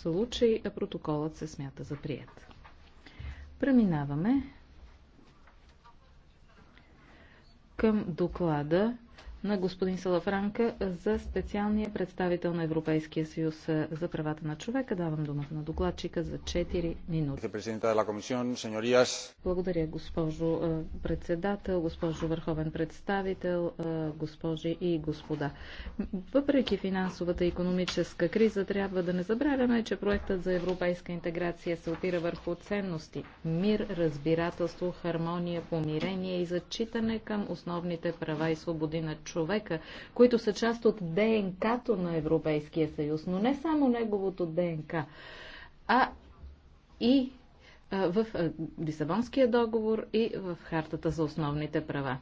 случай протоколът се смята за прият. Преминаваме към доклада на господин Салафранка за специалния представител на Европейския съюз за правата на човека. Давам думата на докладчика за 4 минути. Благодаря, госпожо е, председател, госпожо върховен представител, е, госпожи и господа. Въпреки финансовата и економическа криза, трябва да не забравяме, че проектът за европейска интеграция се опира върху ценности – мир, разбирателство, хармония, помирение и зачитане към основните права и свободи на човека, които са част от ДНК-то на Европейския съюз, но не само неговото ДНК, а и в Лисабонския договор и в Хартата за основните права.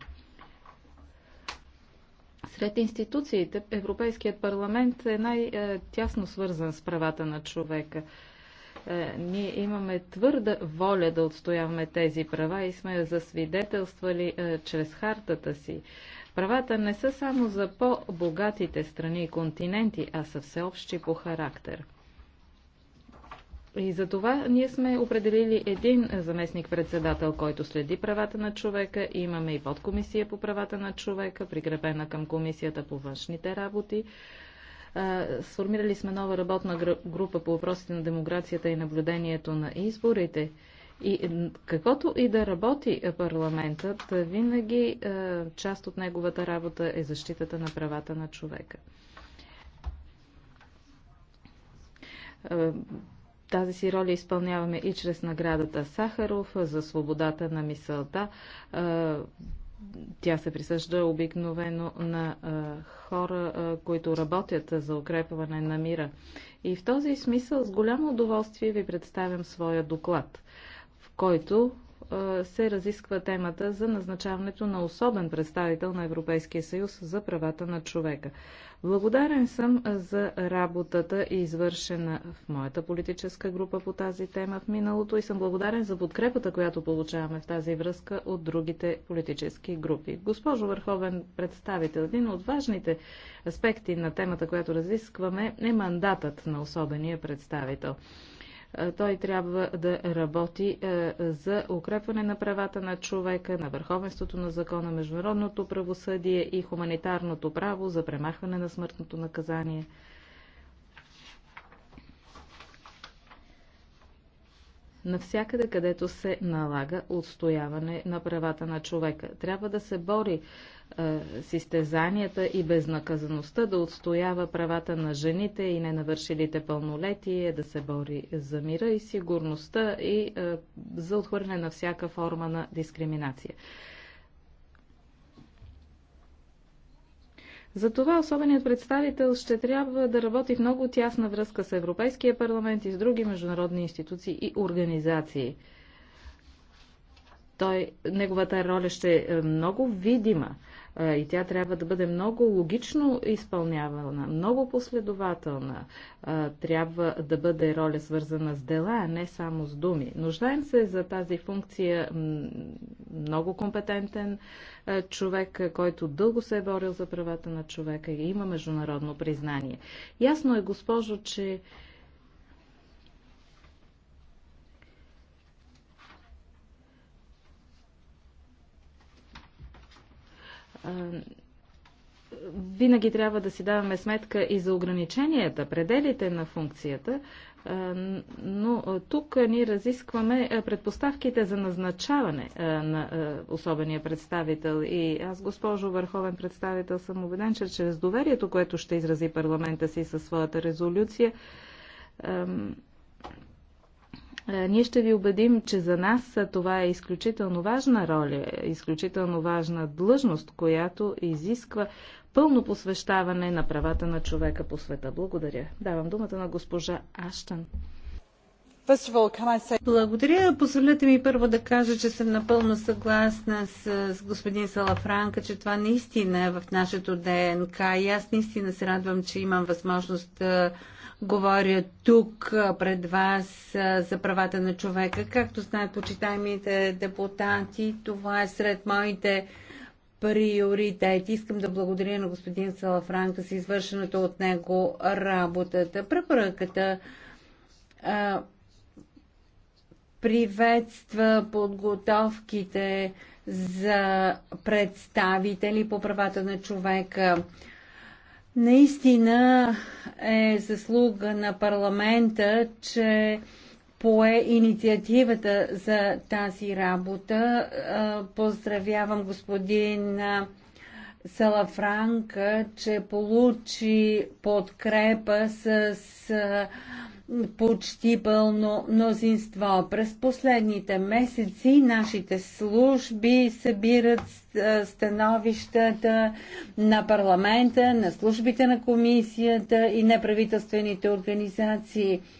Сред институциите Европейският парламент е най-тясно свързан с правата на човека. Е, ние имаме твърда воля да отстояваме тези права и сме засвидетелствали е, чрез хартата си Правата не са само за по-богатите страни и континенти, а са всеобщи по характер. И за това ние сме определили един заместник-председател, който следи правата на човека. Имаме и подкомисия по правата на човека, прикрепена към комисията по външните работи. Сформирали сме нова работна група по въпросите на демокрацията и наблюдението на изборите. И каквото и да работи е, парламентът, е, винаги е, част от неговата работа е защитата на правата на човека. Тази си роля изпълняваме и чрез наградата Сахаров за свободата на мисълта. Тя се присъжда обикновено на хора, които работят за укрепване на мира. И в този смисъл с голямо удоволствие ви представям своя доклад – който се разисква темата за назначаването на особен представител на Европейския съюз за правата на човека. Благодарен съм за работата, извършена в моята политическа група по тази тема в миналото и съм благодарен за подкрепата, която получаваме в тази връзка от другите политически групи. Госпожо Върховен представител, един от важните аспекти на темата, която разискваме, е мандатът на особения представител. Е, той трябва да работи е, за укрепване на правата на човека, на върховенството на закона, международното правосъдие и хуманитарното право за премахване на смъртното наказание. навсякъде, където се налага отстояване на правата на човека. Трябва да се бори е, състезанията и безнаказаността, да отстоява правата на жените и ненавършилите пълнолетие, да се бори за мира и сигурността и е, за отхвърляне на всяка форма на дискриминация. Затова особеният представител ще трябва да работи в много тясна връзка с Европейския парламент и с други международни институции и организации – той, неговата роля ще е много видима и тя трябва да бъде много логично изпълнявана, много последователна. Трябва да бъде роля свързана с дела, а не само с думи. Нуждаем се за тази функция много компетентен човек, който дълго се е борил за правата на човека и има международно признание. Ясно е, госпожо, че винаги трябва да си даваме сметка и за ограниченията, пределите на функцията, но тук ние разискваме предпоставките за назначаване на особения представител. И аз, госпожо Върховен представител, съм убеден, че чрез доверието, което ще изрази парламента си със своята резолюция, ние ще ви убедим, че за нас това е изключително важна роля, изключително важна длъжност, която изисква пълно посвещаване на правата на човека по света. Благодаря. Давам думата на госпожа Аштан. Благодаря. Позволете ми първо да кажа, че съм напълно съгласна с, с господин Салафранка, че това наистина е в нашето ДНК и аз наистина се радвам, че имам възможност да говоря тук пред вас за правата на човека. Както знаят почитаемите депутати, това е сред моите приоритети. Искам да благодаря на господин Салафранка за извършената от него работата. Препоръката приветства подготовките за представители по правата на човека Наистина е заслуга на парламента, че пое инициативата за тази работа. Поздравявам господин Салафранка, че получи подкрепа с почти пълно мнозинство. През последните месеци нашите служби събират становищата на парламента, на службите на комисията и неправителствените организации –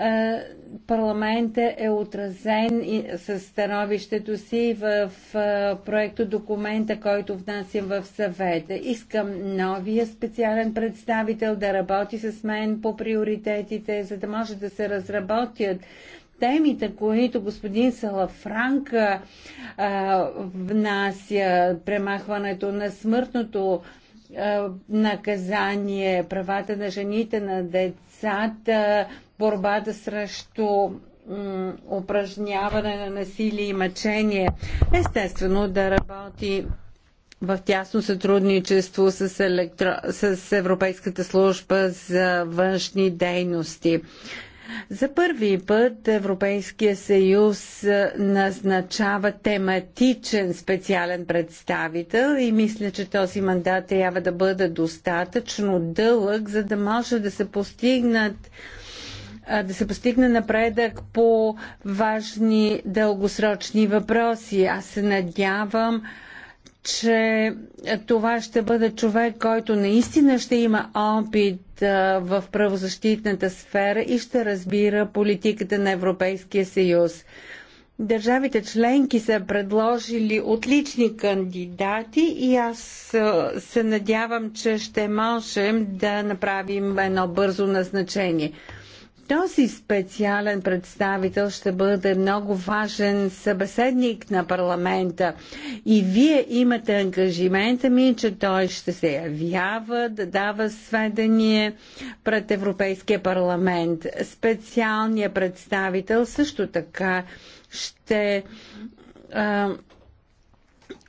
е, парламента е отразен с становището си в е, проекто документа, който внасям в съвета. Искам новия специален представител да работи с мен по приоритетите, за да може да се разработят темите, които господин Салафранк е, внася, премахването на смъртното наказание, правата на жените, на децата, борбата срещу упражняване на насилие и мъчение. Естествено да работи в тясно сътрудничество с, електро... с Европейската служба за външни дейности. За първи път Европейския съюз назначава тематичен специален представител и мисля, че този мандат трябва да бъде достатъчно дълъг, за да може да се постигнат да се постигне напредък по важни дългосрочни въпроси. Аз се надявам, че това ще бъде човек, който наистина ще има опит в правозащитната сфера и ще разбира политиката на Европейския съюз. Държавите членки са предложили отлични кандидати и аз се надявам, че ще можем да направим едно бързо назначение. Този специален представител ще бъде много важен събеседник на парламента и вие имате ангажимента ми, че той ще се явява да дава сведения пред Европейския парламент. Специалният представител също така ще а,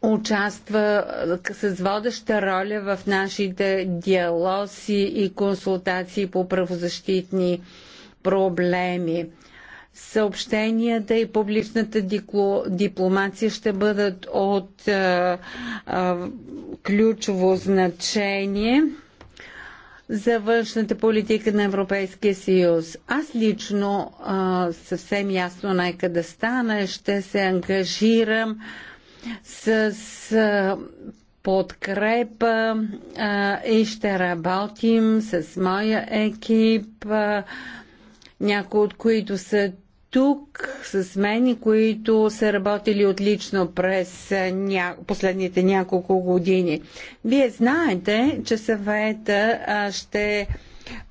участва с водеща роля в нашите диалози и консултации по правозащитни а, проблеми. Съобщенията и публичната дипломация ще бъдат от а, е, а, е, ключово значение за външната политика на Европейския съюз. Аз лично а, е, съвсем ясно нека да стане, ще се ангажирам с а, подкрепа а, и ще работим с моя екип. А, някои от които са тук с мен и които са работили отлично през е, ня... последните няколко години. Вие знаете, че съвета ще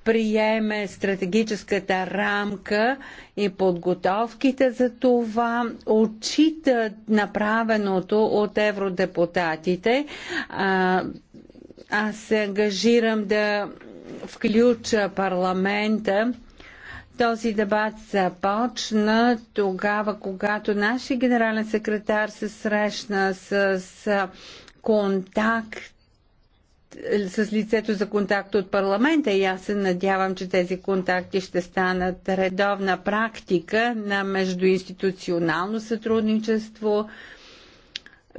приеме стратегическата рамка и подготовките за това, отчитат направеното от евродепутатите. А, аз се ангажирам да включа парламента този дебат започна тогава, когато нашия генерален секретар се срещна с, контакт с лицето за контакт от парламента и аз се надявам, че тези контакти ще станат редовна практика на междуинституционално сътрудничество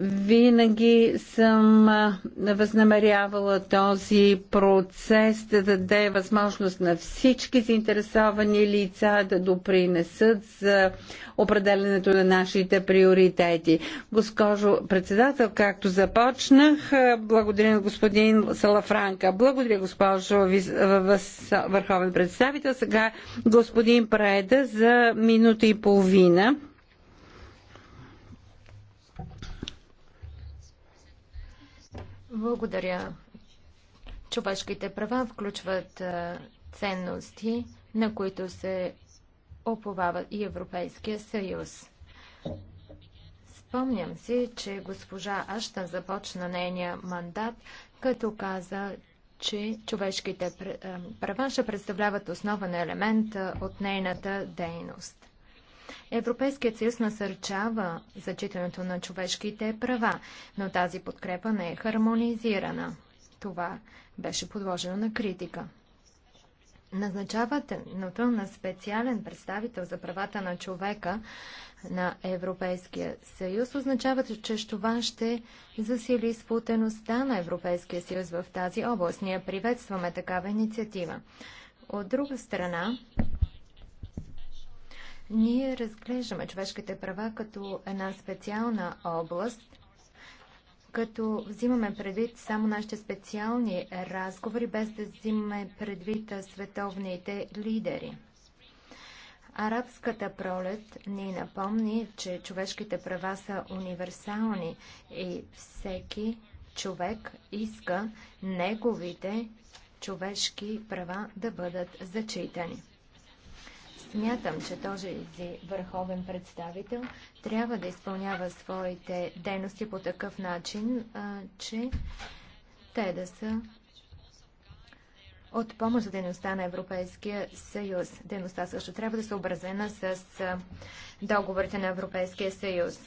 винаги съм възнамерявала този процес да даде възможност на всички заинтересовани лица да допринесат за определенето на нашите приоритети. Госпожо председател, както започнах, благодаря на господин Салафранка. Благодаря, госпожо върховен представител. Сега господин Преда за минута и половина. Благодаря. Човешките права включват ценности, на които се оповава и Европейския съюз. Спомням си, че госпожа Аштан започна нейния мандат, като каза, че човешките права ще представляват основен елемент от нейната дейност. Европейският съюз насърчава зачитането на човешките права, но тази подкрепа не е хармонизирана. Това беше подложено на критика. Назначаването на специален представител за правата на човека на Европейския съюз означава, че това ще засили сплутеността на Европейския съюз в тази област. Ние приветстваме такава инициатива. От друга страна, ние разглеждаме човешките права като една специална област, като взимаме предвид само нашите специални разговори, без да взимаме предвид световните лидери. Арабската пролет ни напомни, че човешките права са универсални и всеки човек иска неговите човешки права да бъдат зачитани. Смятам, че този върховен представител трябва да изпълнява своите дейности по такъв начин, че те да са от помощ за дейността на Европейския съюз. Дейността също трябва да се съобразена с договорите на Европейския съюз.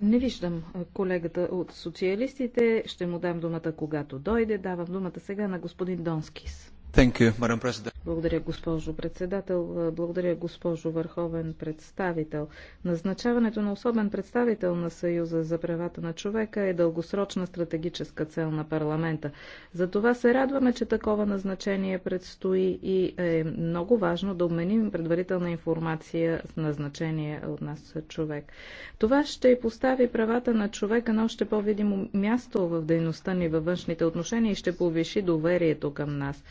Не виждам колегата от социалистите. Ще му дам думата когато дойде. Давам думата сега на господин Донскис. Thank you, благодаря, госпожо председател. Благодаря, госпожо върховен представител. Назначаването на особен представител на Съюза за правата на човека е дългосрочна стратегическа цел на парламента. За това се радваме, че такова назначение предстои и е много важно да обменим предварителна информация с назначение от нас човек. Това ще постави правата на човека на още по-видимо място в дейността ни във външните отношения и ще повиши доверието към нас.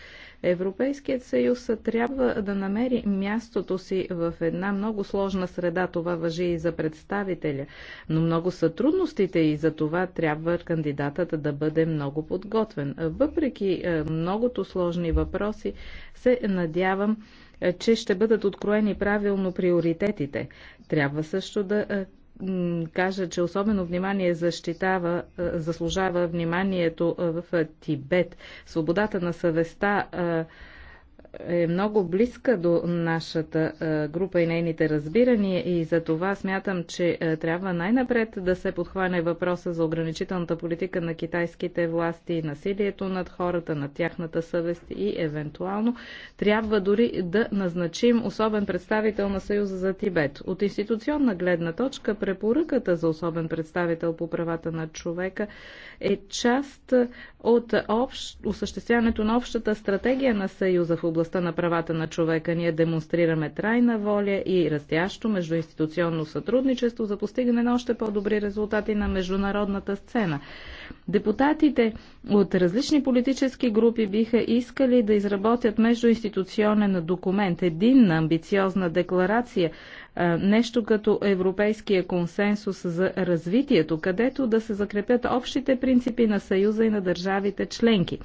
Европейският съюз трябва да намери мястото си в една много сложна среда. Това въжи и за представителя. Но много са трудностите и за това трябва кандидатът да бъде много подготвен. Въпреки е, многото сложни въпроси, се надявам, е, че ще бъдат откроени правилно приоритетите. Трябва също да е, кажа, че особено внимание защитава, заслужава вниманието в Тибет. Свободата на съвестта е много близка до нашата е, група и нейните разбирания и за това смятам, че е, трябва най-напред да се подхване въпроса за ограничителната политика на китайските власти, насилието над хората, на тяхната съвест и евентуално трябва дори да назначим особен представител на Съюза за Тибет. От институционна гледна точка препоръката за особен представител по правата на човека е част от общ, осъществяването на общата стратегия на Съюза в областта областта на правата на човека ние демонстрираме трайна воля и растящо междуинституционно сътрудничество за постигане на още по-добри резултати на международната сцена. Депутатите от различни политически групи биха искали да изработят междуинституционен документ, на амбициозна декларация, е, нещо като европейския консенсус за развитието, където да се закрепят общите принципи на Съюза и на държавите членки.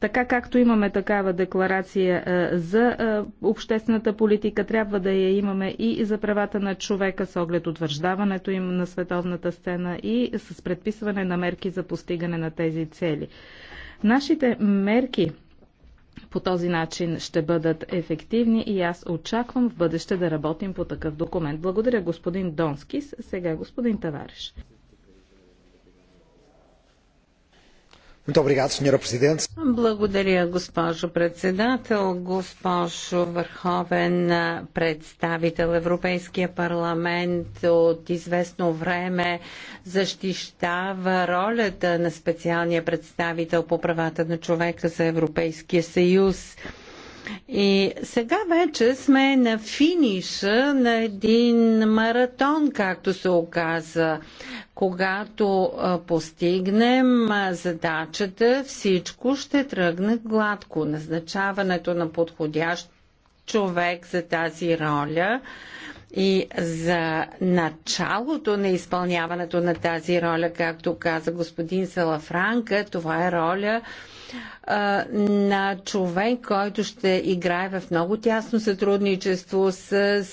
Така както имаме такава декларация е, за е, обществената политика, трябва да я имаме и за правата на човека с оглед утвърждаването им на световната сцена и с предписване на мерки за постигане на тези цели. Нашите мерки по този начин ще бъдат ефективни и аз очаквам в бъдеще да работим по такъв документ. Благодаря господин Донскис, сега господин Тавариш. Благодаря, госпожо председател, госпожо върховен представител. Европейския парламент от известно време защищава ролята на специалния представител по правата на човека за Европейския съюз. И сега вече сме на финиша на един маратон, както се оказа. Когато постигнем задачата, всичко ще тръгне гладко. Назначаването на подходящ човек за тази роля и за началото на изпълняването на тази роля, както каза господин Салафранка, това е роля, на човек, който ще играе в много тясно сътрудничество с.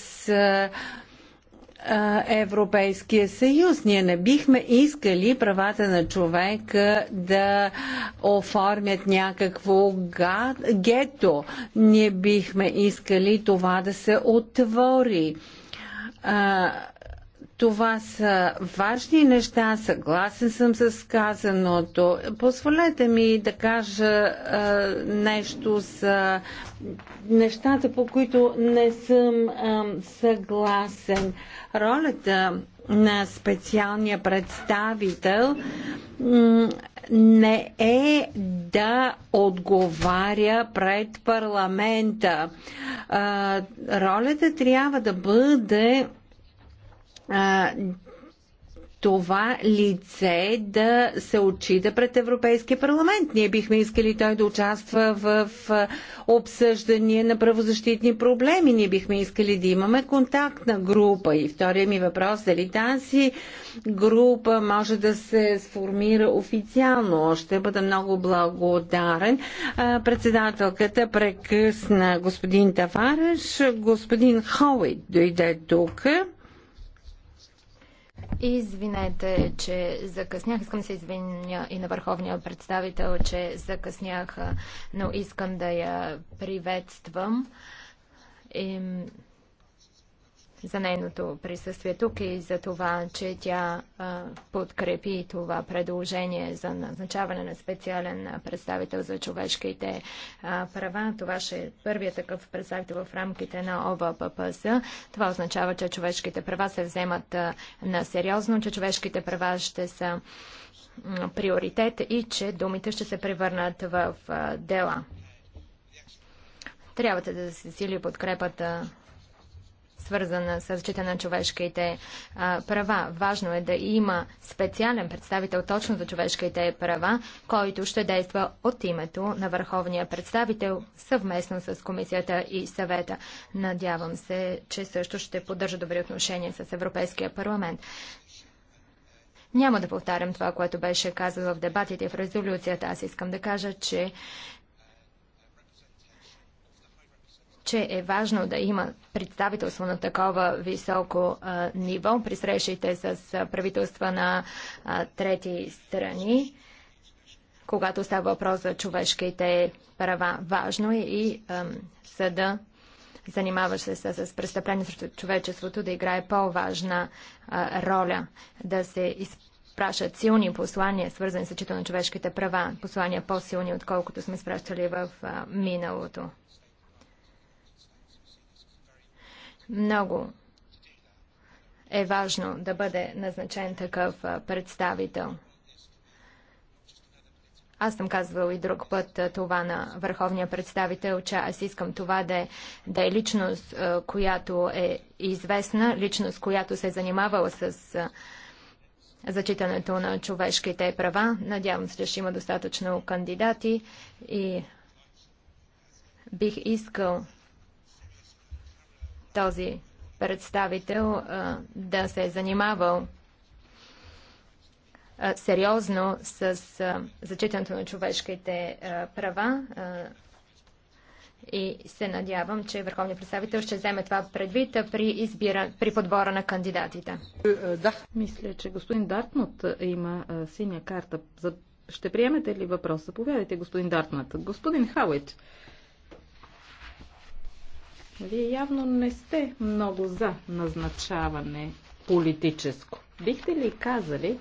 Европейския съюз. Ние не бихме искали правата на човека да оформят някакво гето. Ние бихме искали това да се отвори. Това са важни неща, съгласен съм с казаното. Позволете ми да кажа а, нещо за нещата, по които не съм а, съгласен. Ролята на специалния представител не е да отговаря пред парламента. Ролята трябва да бъде а, това лице да се отчита пред Европейския парламент. Ние бихме искали той да участва в обсъждане на правозащитни проблеми. Ние бихме искали да имаме контактна група. И втория ми въпрос, дали тази група може да се сформира официално. Ще бъда много благодарен. Председателката прекъсна господин Тавареш. Господин Хоуит дойде тук. Извинете, че закъснях. Искам да се извиня и на върховния представител, че закъснях, но искам да я приветствам. И за нейното присъствие тук и за това, че тя а, подкрепи това предложение за назначаване на специален представител за човешките а, права. Това ще е първият такъв представител в рамките на ОВППС. Това означава, че човешките права се вземат а, на сериозно, че човешките права ще са приоритет и че думите ще се превърнат в дела. Трябва да се засили подкрепата свързана с защита на човешките права. Важно е да има специален представител точно за човешките права, който ще действа от името на върховния представител съвместно с комисията и съвета. Надявам се, че също ще поддържа добри отношения с Европейския парламент. Няма да повтарям това, което беше казано в дебатите и в резолюцията. Аз искам да кажа, че че е важно да има представителство на такова високо а, ниво при срещите с правителства на а, трети страни, когато става въпрос за човешките права. Важно е и а, съда, занимаващ се с, с престъпление срещу човечеството, да играе по-важна роля, да се изпълнява силни послания, свързани с чето на човешките права, послания по-силни, отколкото сме спращали в а, миналото. Много е важно да бъде назначен такъв представител. Аз съм казвал и друг път това на върховния представител, че аз искам това да е, да е личност, която е известна, личност, която се е занимавала с зачитането на човешките права. Надявам се, че ще има достатъчно кандидати и бих искал този представител а, да се е занимавал а, сериозно с а, зачитането на човешките а, права а, и се надявам, че Върховният представител ще вземе това предвид при, избира, при подбора на кандидатите. Да. Мисля, че господин Дартнот има а, синя карта. За... Ще приемете ли въпроса? Повядайте, господин Дартнот. Господин Хауит. Вие явно не сте много за назначаване политическо. Бихте ли казали,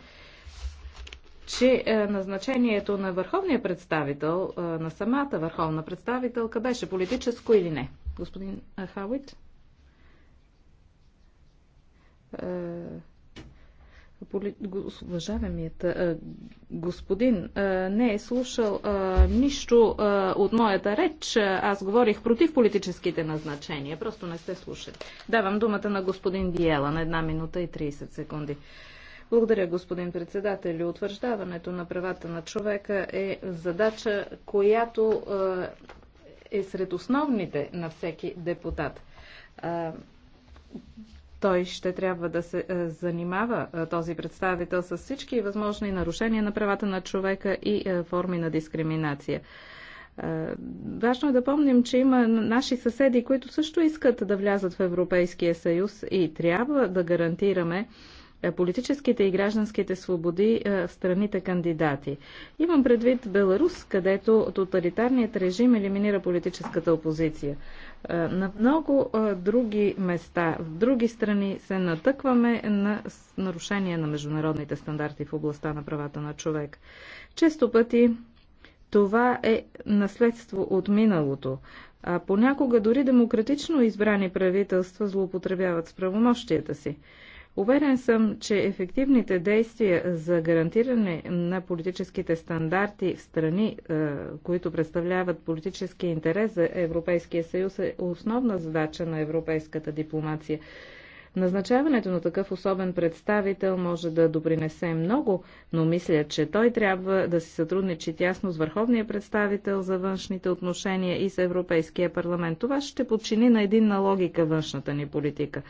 че е, назначението на върховния представител, е, на самата върховна представителка, беше политическо или не? Господин Хауит? Е, Уважаемият е господин не е слушал нищо от моята реч. Аз говорих против политическите назначения. Просто не сте слушали. Давам думата на господин Диела на една минута и 30 секунди. Благодаря, господин председател. Утвърждаването на правата на човека е задача, която е сред основните на всеки депутат той ще трябва да се е, занимава е, този представител с всички възможни нарушения на правата на човека и е, форми на дискриминация. Важно е да помним, че има наши съседи, които също искат да влязат в Европейския съюз и трябва да гарантираме политическите и гражданските свободи в страните кандидати. Имам предвид Беларус, където тоталитарният режим елиминира политическата опозиция. Е, на много е, други места, в други страни се натъкваме на нарушение на международните стандарти в областта на правата на човек. Често пъти това е наследство от миналото, а понякога дори демократично избрани правителства злоупотребяват с правомощията си. Уверен съм, че ефективните действия за гарантиране на политическите стандарти в страни, е, които представляват политически интерес за Европейския съюз, е основна задача на европейската дипломация. Назначаването на такъв особен представител може да допринесе много, но мисля, че той трябва да си сътрудничи тясно с върховния представител за външните отношения и с Европейския парламент. Това ще подчини на единна логика външната ни политика.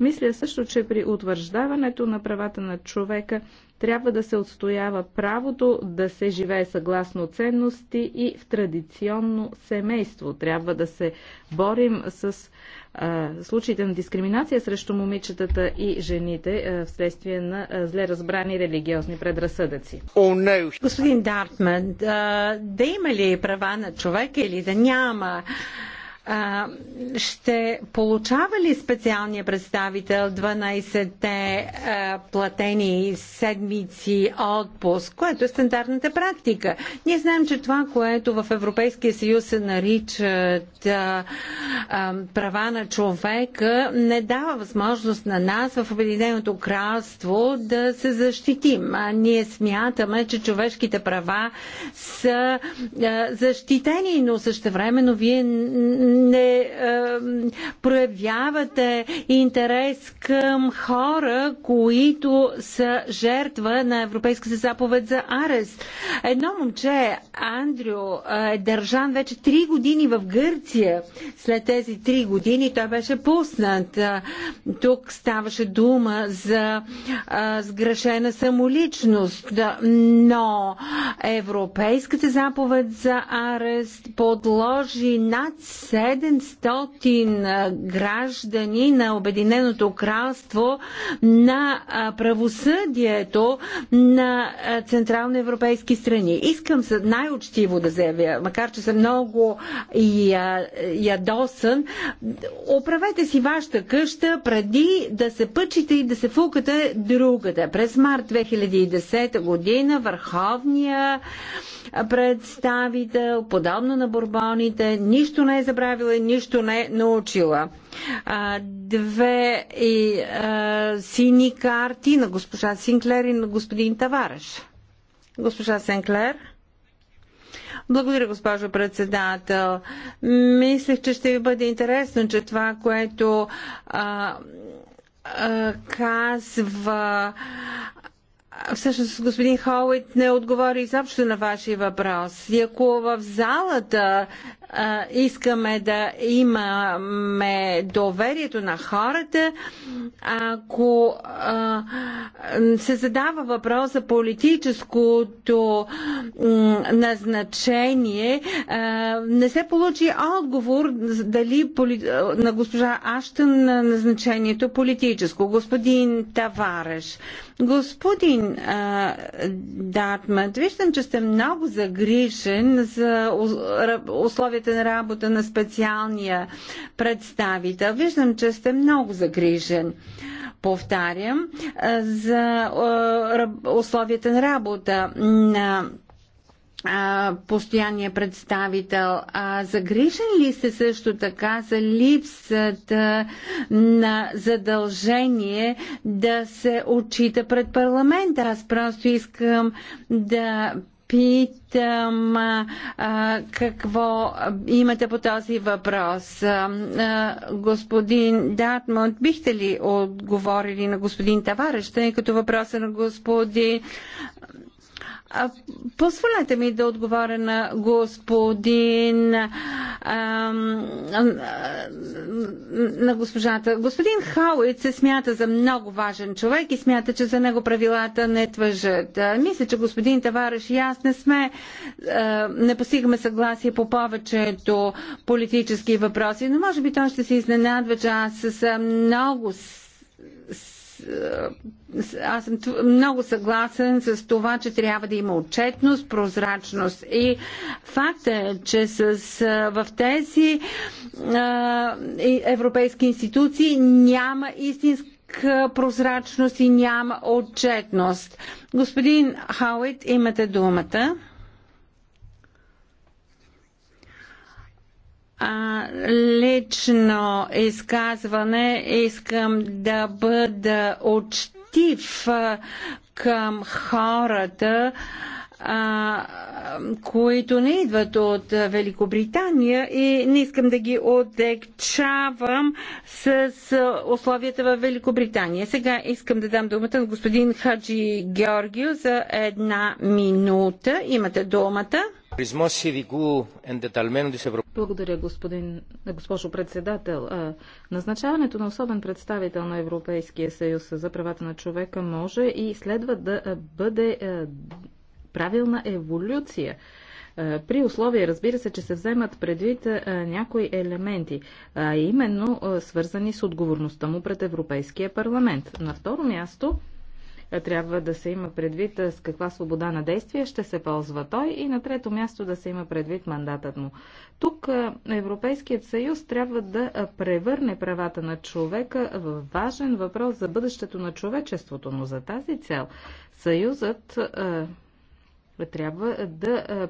Мисля също, че при утвърждаването на правата на човека трябва да се отстоява правото да се живее съгласно ценности и в традиционно семейство. Трябва да се борим с а, случаите на дискриминация срещу момичетата и жените а, вследствие на а, зле разбрани религиозни предразсъдъци. Oh, no. Господин Дартман, да, да има ли права на човека или да няма? а, ще получава ли специалния представител 12-те платени седмици отпуск, което е стандартната практика? Ние знаем, че това, което в Европейския съюз се наричат а, а, права на човека, не дава възможност на нас в Обединеното кралство да се защитим. А ние смятаме, че човешките права са а, защитени, но същевременно вие не проявявате интерес към хора, които са жертва на Европейската заповед за арест. Едно момче, Андрю, е държан вече три години в Гърция. След тези три години той беше пуснат. Е, тук ставаше дума за а, е, сгрешена самоличност, но Европейската заповед за арест подложи над се. 700 граждани на Обединеното кралство на правосъдието на централноевропейски страни. Искам най-учтиво да заявя, макар че съм много ядосан, оправете си вашата къща преди да се пъчите и да се фукате другата. През март 2010 година върховния представител, подобно на Борбоните, нищо не е забравил направила и нищо не е научила. Две и, а, сини карти на госпожа Синклер и на господин Тавареш. Госпожа Синклер. Благодаря, госпожо председател. Мислех, че ще ви бъде интересно, че това, което а, а, казва Всъщност, господин Хоуит не отговори изобщо на вашия въпрос. И ако в залата искаме да имаме доверието на хората, ако се задава въпрос за политическото назначение, не се получи отговор дали на госпожа Аштън на назначението политическо. Господин Тавареш, господин Датмат, виждам, че сте много загрижен за условията начините на работа на специалния представител. Виждам, че сте много загрижен. Повтарям, за условията на работа на постоянния представител. А загрижен ли сте също така за липсата на задължение да се отчита пред парламента? Аз просто искам да питам а, какво имате по този въпрос. А, господин Датмонт, бихте ли отговорили на господин Тавареш, тъй като въпроса на господин а, позволете ми да отговоря на господин на госпожата. Господин Хауит се смята за много важен човек и смята, че за него правилата не твъжат. Мисля, че господин Тавареш и аз не сме а, не постигаме съгласие по повечето политически въпроси, но може би той ще се изненадва, че аз съм много аз съм много съгласен с това, че трябва да има отчетност, прозрачност. И факта е, че с, в тези а, европейски институции няма истинска прозрачност и няма отчетност. Господин Хауит, имате думата. а, лично изказване искам да бъда учтив към хората, а, които не идват от Великобритания и не искам да ги отекчавам с условията в Великобритания. Сега искам да дам думата на господин Хаджи Георгио за една минута. Имате думата. Благодаря, господин, госпожо председател. Назначаването на особен представител на Европейския съюз за правата на човека може и следва да бъде правилна еволюция при условие, разбира се, че се вземат предвид някои елементи, а именно свързани с отговорността му пред Европейския парламент. На второ място трябва да се има предвид с каква свобода на действие ще се ползва той и на трето място да се има предвид мандатът му. Тук Европейският съюз трябва да превърне правата на човека в важен въпрос за бъдещето на човечеството, но за тази цел съюзът трябва да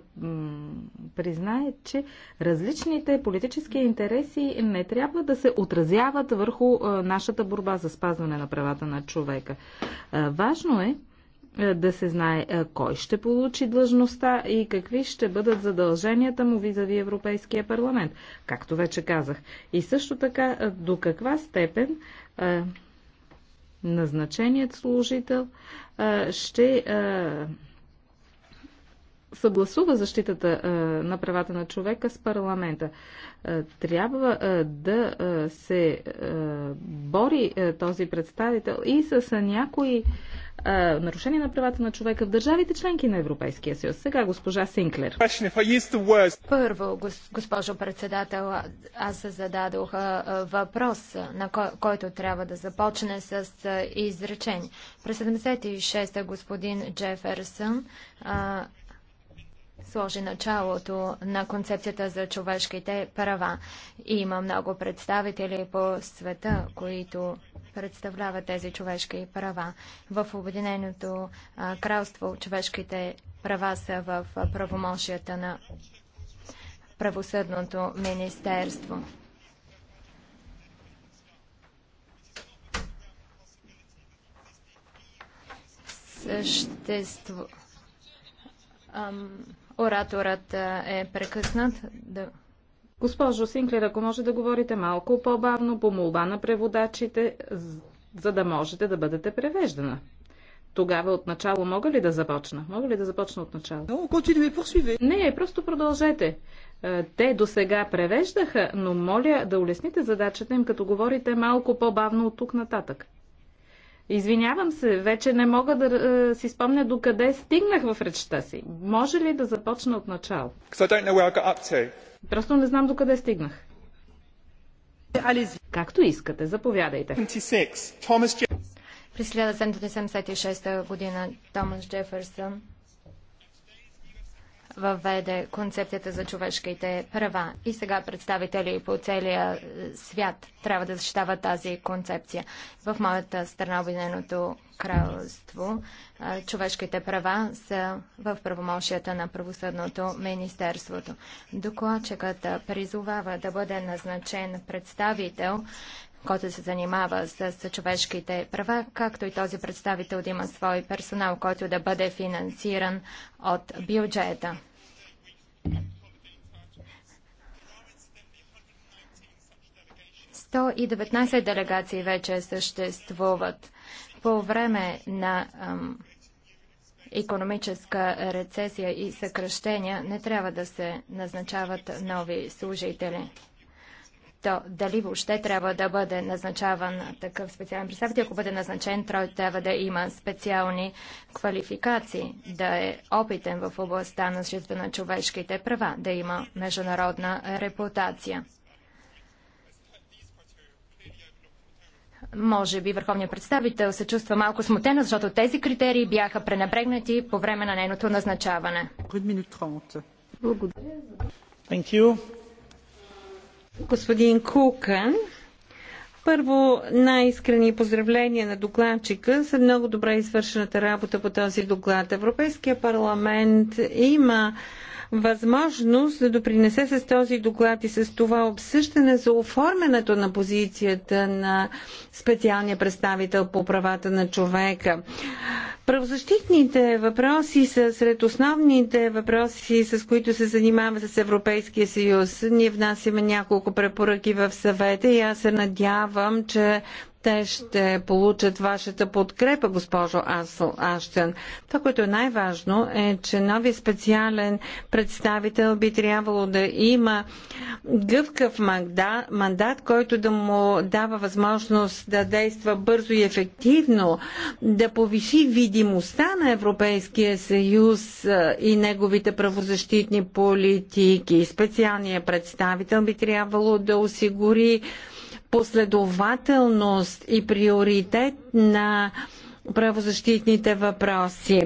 признае, че различните политически интереси не трябва да се отразяват върху нашата борба за спазване на правата на човека. Важно е да се знае кой ще получи длъжността и какви ще бъдат задълженията му визави Европейския парламент, както вече казах. И също така до каква степен назначеният служител ще съгласува защитата на правата на човека с парламента. Трябва да се бори този представител и с някои нарушения на правата на човека в държавите членки на Европейския съюз. Сега госпожа Синклер. Първо, госпожо председател, аз зададох въпрос, на който трябва да започне с изречение. През 76-та господин Джеферсън сложи началото на концепцията за човешките права. И има много представители по света, които представляват тези човешки права. В Обединеното кралство човешките права са в правомощията на правосъдното министерство. Същество. Ораторът е прекъснат. Да... Госпожо Синклер, ако може да говорите малко по-бавно по молба на преводачите, за да можете да бъдете превеждана. Тогава отначало мога ли да започна? Мога ли да започна отначало? No, Не, просто продължете. Е, те до сега превеждаха, но моля да улесните задачата им, като говорите малко по-бавно от тук нататък. Извинявам се, вече не мога да е, си спомня до къде стигнах в речта си. Може ли да започна от начало? Просто не знам до къде стигнах. Както искате, заповядайте. През 1776 година Томас Джефърсън въведе концепцията за човешките права. И сега представители по целия е, свят трябва да защитават тази концепция. В моята страна, Обединеното кралство, е, човешките права са в правомощията на правосъдното министерството. Докладчикът призовава да бъде назначен представител който се занимава с, с човешките права, както и този представител да има свой персонал, който да бъде финансиран от бюджета. 119 делегации вече съществуват. По време на ам, економическа рецесия и съкръщения не трябва да се назначават нови служители то дали въобще трябва да бъде назначаван такъв специален представител, ако бъде назначен, той трябва да има специални квалификации, да е опитен в областта на защита на човешките права, да има международна репутация. Може би върховният представител се чувства малко смутена, защото тези критерии бяха пренебрегнати по време на нейното назначаване. Благодаря господин Кукан. Първо, най-искрени поздравления на докладчика за много добре извършената работа по този доклад. Европейския парламент има възможност да допринесе с този доклад и с това обсъждане за оформянето на позицията на специалния представител по правата на човека. Правозащитните въпроси са сред основните въпроси, с които се занимаваме с Европейския съюз. Ние внасяме няколко препоръки в съвета и аз се надявам, че те ще получат вашата подкрепа, госпожо Асъл Това, което е най-важно е, че нови специален представител би трябвало да има гъвкав мандат, който да му дава възможност да действа бързо и ефективно, да повиши видимостта на Европейския съюз и неговите правозащитни политики. Специалният представител би трябвало да осигури последователност и приоритет на правозащитните въпроси.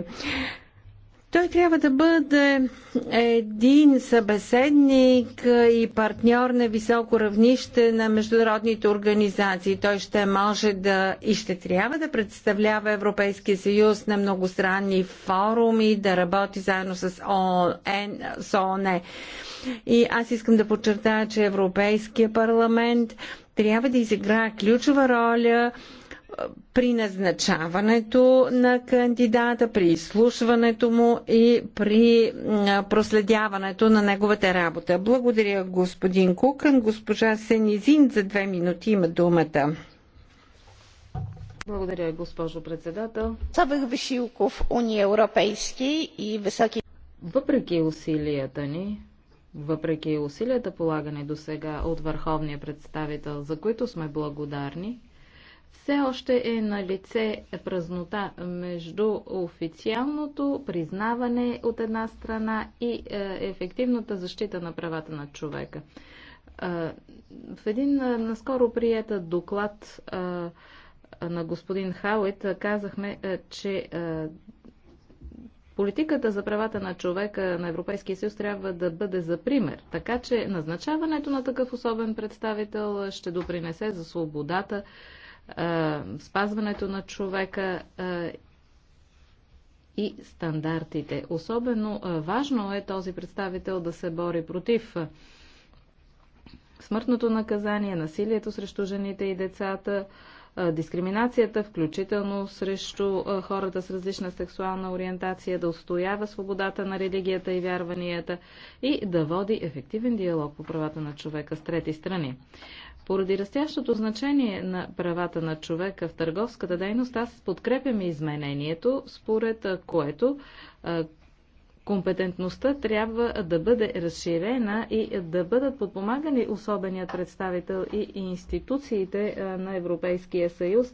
Той трябва да бъде един събеседник и партньор на високо равнище на международните организации. Той ще може да и ще трябва да представлява Европейския съюз на многостранни форуми, да работи заедно с ООН. С ООН. И аз искам да подчертая, че Европейския парламент трябва да изиграе ключова роля при назначаването на кандидата, при изслушването му и при проследяването на неговата работа. Благодаря господин Кукан. Госпожа Сенизин за две минути има думата. Благодаря, госпожо председател. Цабех вишилков Уния Европейски и високи... Въпреки усилията ни въпреки усилията полагани до сега от върховния представител, за които сме благодарни, все още е на лице празнота между официалното признаване от една страна и е, ефективната защита на правата на човека. Е, в един е, наскоро приятен доклад на господин Хауит казахме, че Политиката за правата на човека на Европейския съюз трябва да бъде за пример, така че назначаването на такъв особен представител ще допринесе за свободата, е, спазването на човека е, и стандартите. Особено е, важно е този представител да се бори против смъртното наказание, насилието срещу жените и децата, дискриминацията, включително срещу хората с различна сексуална ориентация, да устоява свободата на религията и вярванията и да води ефективен диалог по правата на човека с трети страни. Поради растящото значение на правата на човека в търговската дейност, аз подкрепям изменението, според което компетентността трябва да бъде разширена и да бъдат подпомагани особеният представител и институциите на Европейския съюз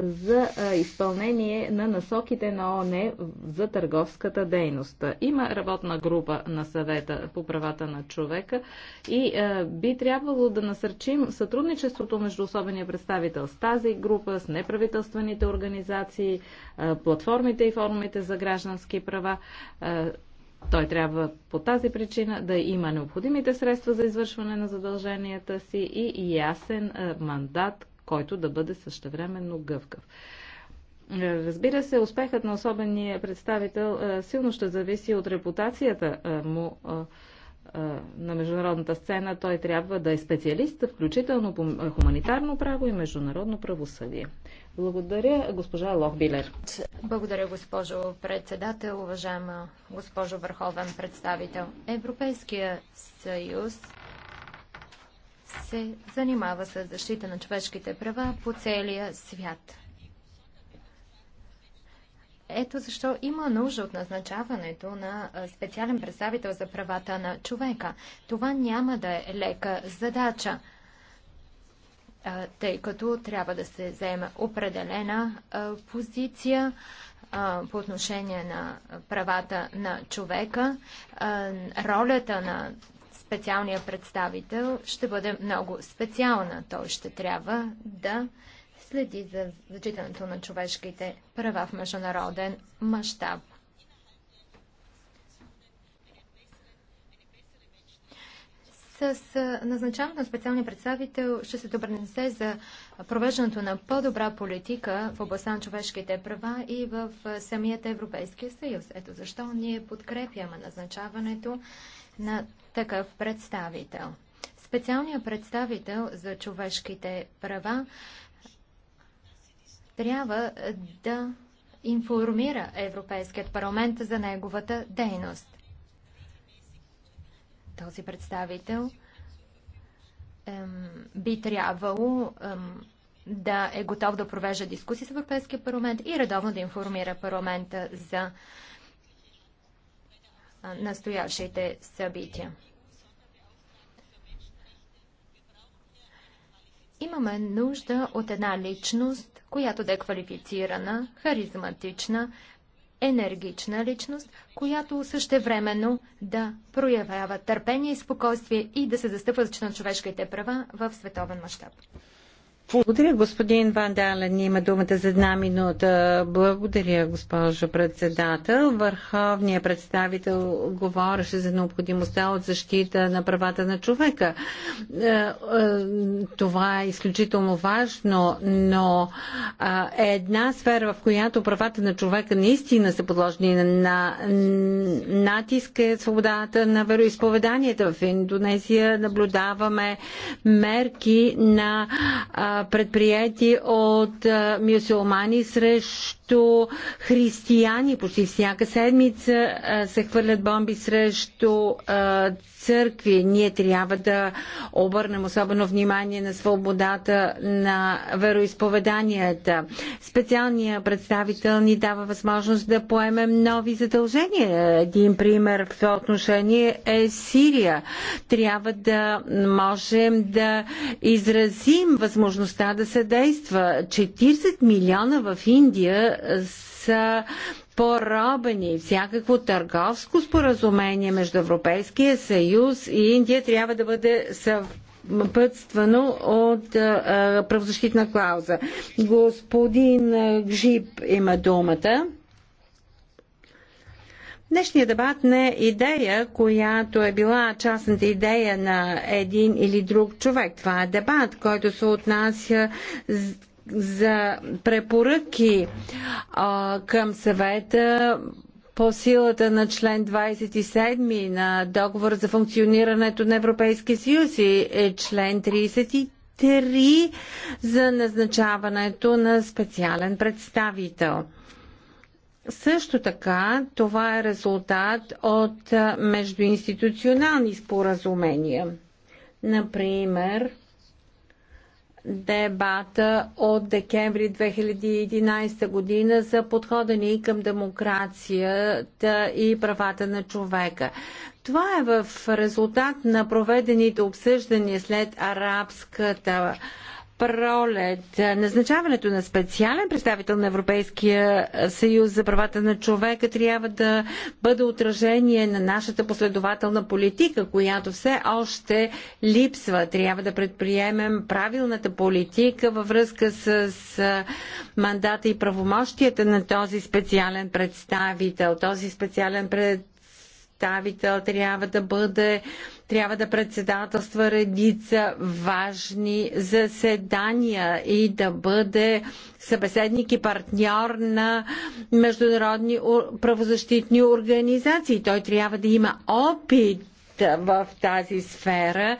за изпълнение на насоките на ОНЕ за търговската дейност. Има работна група на съвета по правата на човека и би трябвало да насърчим сътрудничеството между особения представител с тази група, с неправителствените организации, платформите и форумите за граждански права. Той трябва по тази причина да има необходимите средства за извършване на задълженията си и ясен мандат, който да бъде същевременно гъвкав. Е, разбира се, успехът на особения представител е, силно ще зависи от репутацията е, му на международната сцена. Той трябва да е специалист, включително по хуманитарно право и международно правосъдие. Благодаря, госпожа Лохбилер. Благодаря, госпожо председател, уважаема госпожо върховен представител. Европейския съюз се занимава с защита на човешките права по целия свят. Ето защо има нужда от назначаването на специален представител за правата на човека. Това няма да е лека задача, тъй като трябва да се вземе определена позиция по отношение на правата на човека, ролята на специалния представител ще бъде много специална. Той ще трябва да следи за зачитането на човешките права в международен мащаб. С назначаването на специалния представител ще се добренесе за провеждането на по-добра политика в областта на човешките права и в самият Европейския съюз. Ето защо ние подкрепяме назначаването на такъв представител. Специалният представител за човешките права трябва да информира Европейският парламент за неговата дейност. Този представител ем, би трябвало ем, да е готов да провежда дискусии с Европейския парламент и редовно да информира парламента за настоящите събития. Имаме нужда от една личност, която да е квалифицирана, харизматична, енергична личност, която същевременно да проявява търпение и спокойствие и да се застъпва за човешките права в световен мащаб. Благодаря, господин Ван Дален. Има думата за една минута. Благодаря, госпожо председател. Върховният представител говореше за необходимостта от защита на правата на човека. Е, е, това е изключително важно, но е една сфера, в която правата на човека наистина са подложени на натиск е свободата на вероисповеданията. В Индонезия наблюдаваме мерки на е, предприяти от мюсюлмани срещу срещу християни. Почти всяка седмица се хвърлят бомби срещу църкви. Ние трябва да обърнем особено внимание на свободата на вероисповеданията. Специалният представител ни дава възможност да поемем нови задължения. Един пример в това отношение е Сирия. Трябва да можем да изразим възможността да се действа. 40 милиона в Индия са поробени. Всякакво търговско споразумение между Европейския съюз и Индия трябва да бъде съпътствано от а, правозащитна клауза. Господин Гжип има думата. Днешният дебат не е идея, която е била частната идея на един или друг човек. Това е дебат, който се отнася за препоръки а, към съвета по силата на член 27 на договор за функционирането на Европейския съюз и е член 33 за назначаването на специален представител. Също така, това е резултат от междуинституционални споразумения. Например, дебата от декември 2011 година за подхода ни към демокрацията и правата на човека. Това е в резултат на проведените обсъждания след арабската пролет. Назначаването на специален представител на Европейския съюз за правата на човека трябва да бъде отражение на нашата последователна политика, която все още липсва. Трябва да предприемем правилната политика във връзка с мандата и правомощията на този специален представител. Този специален представител трябва да бъде трябва да председателства редица важни заседания и да бъде събеседник и партньор на международни правозащитни организации. Той трябва да има опит в тази сфера,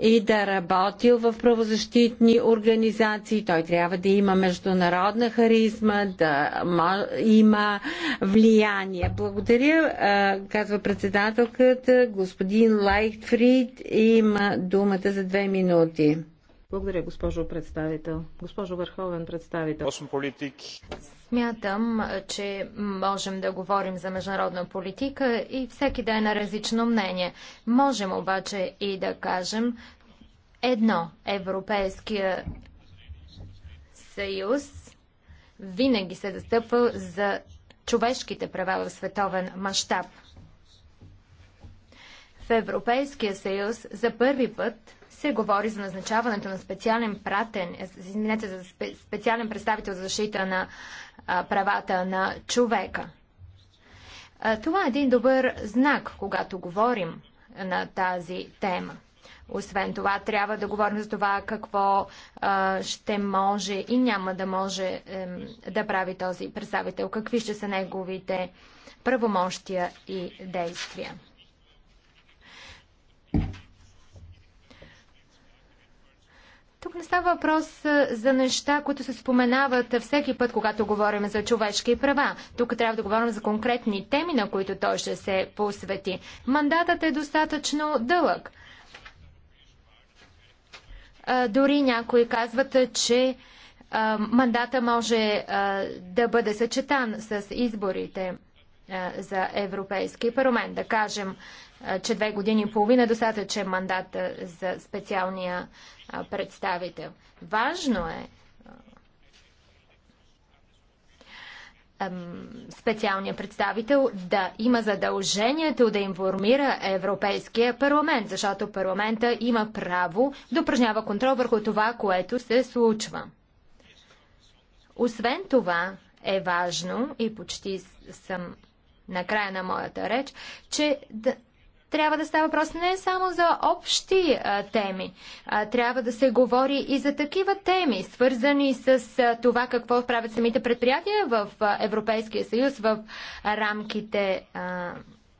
и да работил в правозащитни организации. Той трябва да има международна харизма, да има влияние. Благодаря, казва председателката. Господин Лайтфрид има думата за две минути. Благодаря, госпожо представител. Госпожо Върховен представител. политик. Смятам, че можем да говорим за международна политика и всеки да е на различно мнение. Можем обаче и да кажем едно. Европейския съюз винаги се застъпва за човешките права в световен мащаб. В Европейския съюз за първи път се говори за назначаването на специален пратен, извинете, за специален представител за защита на правата на човека. Това е един добър знак, когато говорим на тази тема. Освен това, трябва да говорим за това какво а, ще може и няма да може е, да прави този представител, какви ще са неговите правомощия и действия. не става въпрос за неща, които се споменават всеки път, когато говорим за човешки права. Тук трябва да говорим за конкретни теми, на които той ще се посвети. Мандатът е достатъчно дълъг. Дори някои казват, че мандата може да бъде съчетан с изборите за Европейски парламент. Да кажем, че две години и половина е достатъчен мандат за специалния представител. Важно е специалния представител да има задължението да информира Европейския парламент, защото парламента има право да упражнява контрол върху това, което се случва. Освен това е важно и почти съм на края на моята реч, че да, трябва да става въпрос не само за общи а, теми. А, трябва да се говори и за такива теми, свързани с а, това какво правят самите предприятия в а, Европейския съюз в рамките а,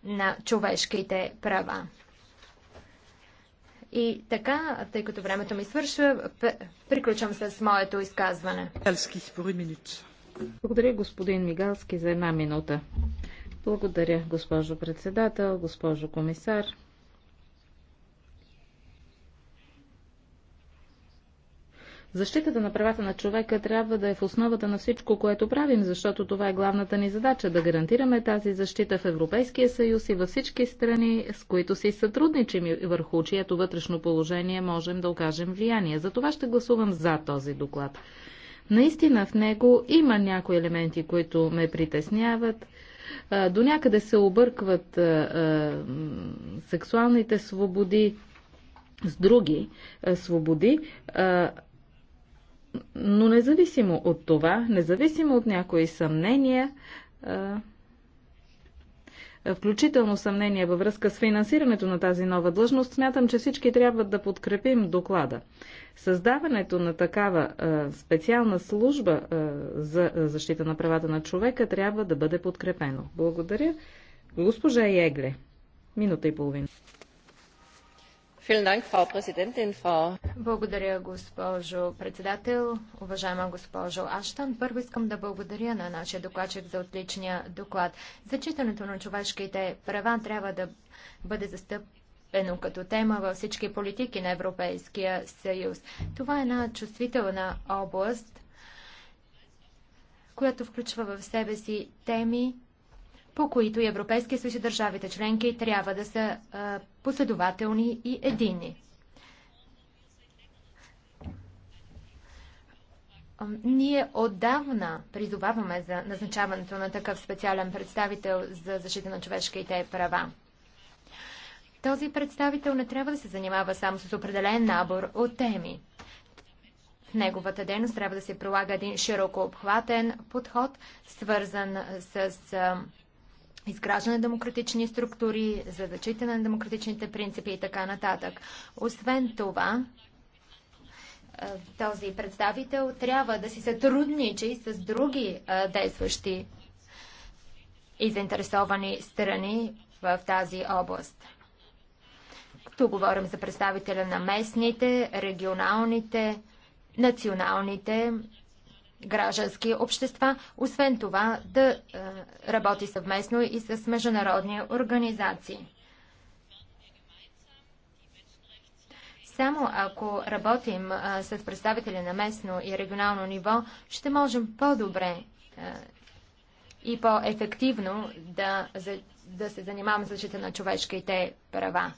на човешките права. И така, тъй като времето ми свършва, приключвам с моето изказване. Благодаря, господин Мигалски, за една минута. Благодаря, госпожо председател, госпожо комисар. Защитата на правата на човека трябва да е в основата на всичко, което правим, защото това е главната ни задача да гарантираме тази защита в Европейския съюз и във всички страни, с които си сътрудничим и върху чието вътрешно положение можем да окажем влияние. За това ще гласувам за този доклад. Наистина в него има някои елементи, които ме притесняват. До някъде се объркват сексуалните свободи с други свободи. Но независимо от това, независимо от някои съмнения, включително съмнение във връзка с финансирането на тази нова длъжност, смятам, че всички трябва да подкрепим доклада. Създаването на такава специална служба за защита на правата на човека трябва да бъде подкрепено. Благодаря. Госпожа Егле, минута и половина. Благодаря, госпожо председател. Уважаема госпожо Аштан, първо искам да благодаря на нашия докладчик за отличния доклад. Зачитането на човешките права трябва да бъде застъпено като тема във всички политики на Европейския съюз. Това е една чувствителна област, която включва в себе си теми, по които и Европейския съюз и държавите членки трябва да са последователни и едини. Ние отдавна призоваваме за назначаването на такъв специален представител за защита на човешките права. Този представител не трябва да се занимава само с определен набор от теми. В неговата дейност трябва да се прилага един широко обхватен подход, свързан с изграждане на демократични структури, за зачитане на демократичните принципи и така нататък. Освен това, е, този представител трябва да си сътрудничи с други е, действащи и заинтересовани страни в тази област. Тук говорим за представителя на местните, регионалните, националните граждански общества, освен това да е, работи съвместно и с международни организации. Само ако работим а, е, с представители на местно и регионално ниво, ще можем по-добре е, и по-ефективно да, за, да се занимаваме с защита на човешките права.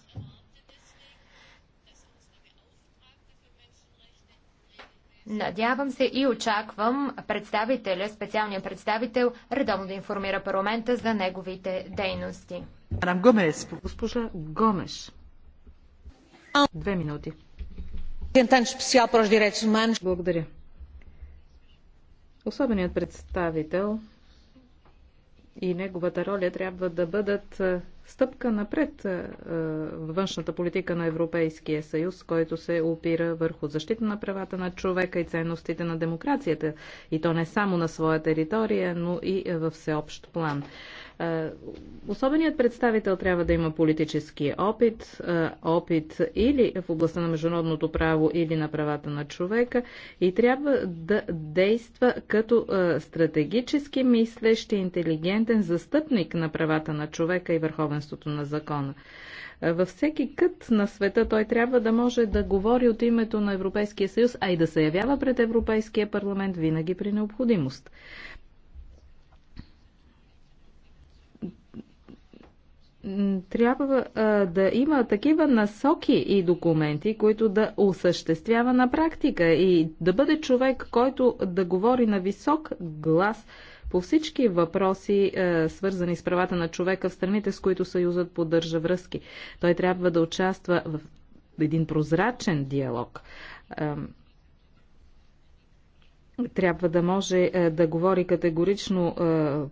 Надявам се и очаквам представителя, специалния представител, редовно да информира парламента за неговите дейности. Гомес, госпожа Гомеш. Две минути. Благодаря. Особеният представител и неговата роля трябва да бъдат стъпка напред в външната политика на Европейския съюз, който се опира върху защита на правата на човека и ценностите на демокрацията. И то не само на своя територия, но и във всеобщ план. Е, особеният представител трябва да има политически опит, е, опит или в областта на международното право, или на правата на човека и трябва да действа като е, стратегически мислещ и интелигентен застъпник на правата на човека и върховенството на закона. Във всеки кът на света той трябва да може да говори от името на Европейския съюз, а и да се явява пред Европейския парламент винаги при необходимост. трябва а, да има такива насоки и документи, които да осъществява на практика и да бъде човек, който да говори на висок глас по всички въпроси, а, свързани с правата на човека в страните, с които Съюзът поддържа връзки. Той трябва да участва в един прозрачен диалог. А, трябва да може а, да говори категорично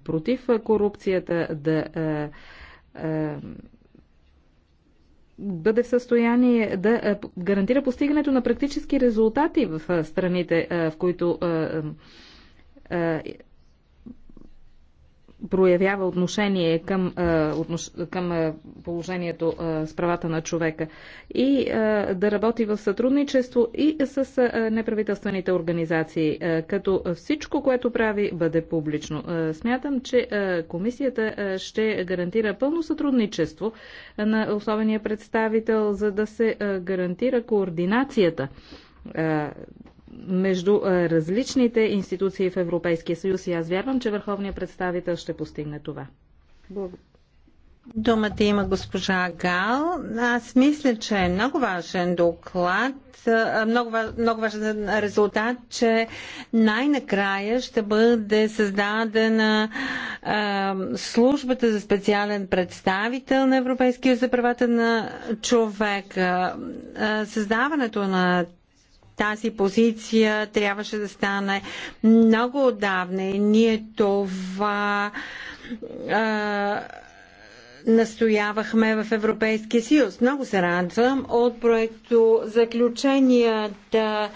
против корупцията, да е, бъде в състояние да е, гарантира постигането на практически резултати в е, страните, в които проявява отношение към, е, към е, положението е, с правата на човека и да работи в сътрудничество и с неправителствените организации, като всичко, което прави, бъде публично. Смятам, че комисията ще гарантира пълно сътрудничество на особения представител, за да се гарантира координацията между различните институции в Европейския съюз и аз вярвам, че върховният представител ще постигне това. Благодаря. Думата има госпожа Гал. Аз мисля, че е много важен доклад, много, много важен резултат, че най-накрая ще бъде създадена е, службата за специален представител на Европейския за правата на човека. Е, създаването на тази позиция трябваше да стане много отдавна и ние това а, настоявахме в Европейския съюз. Много се радвам от проекто заключенията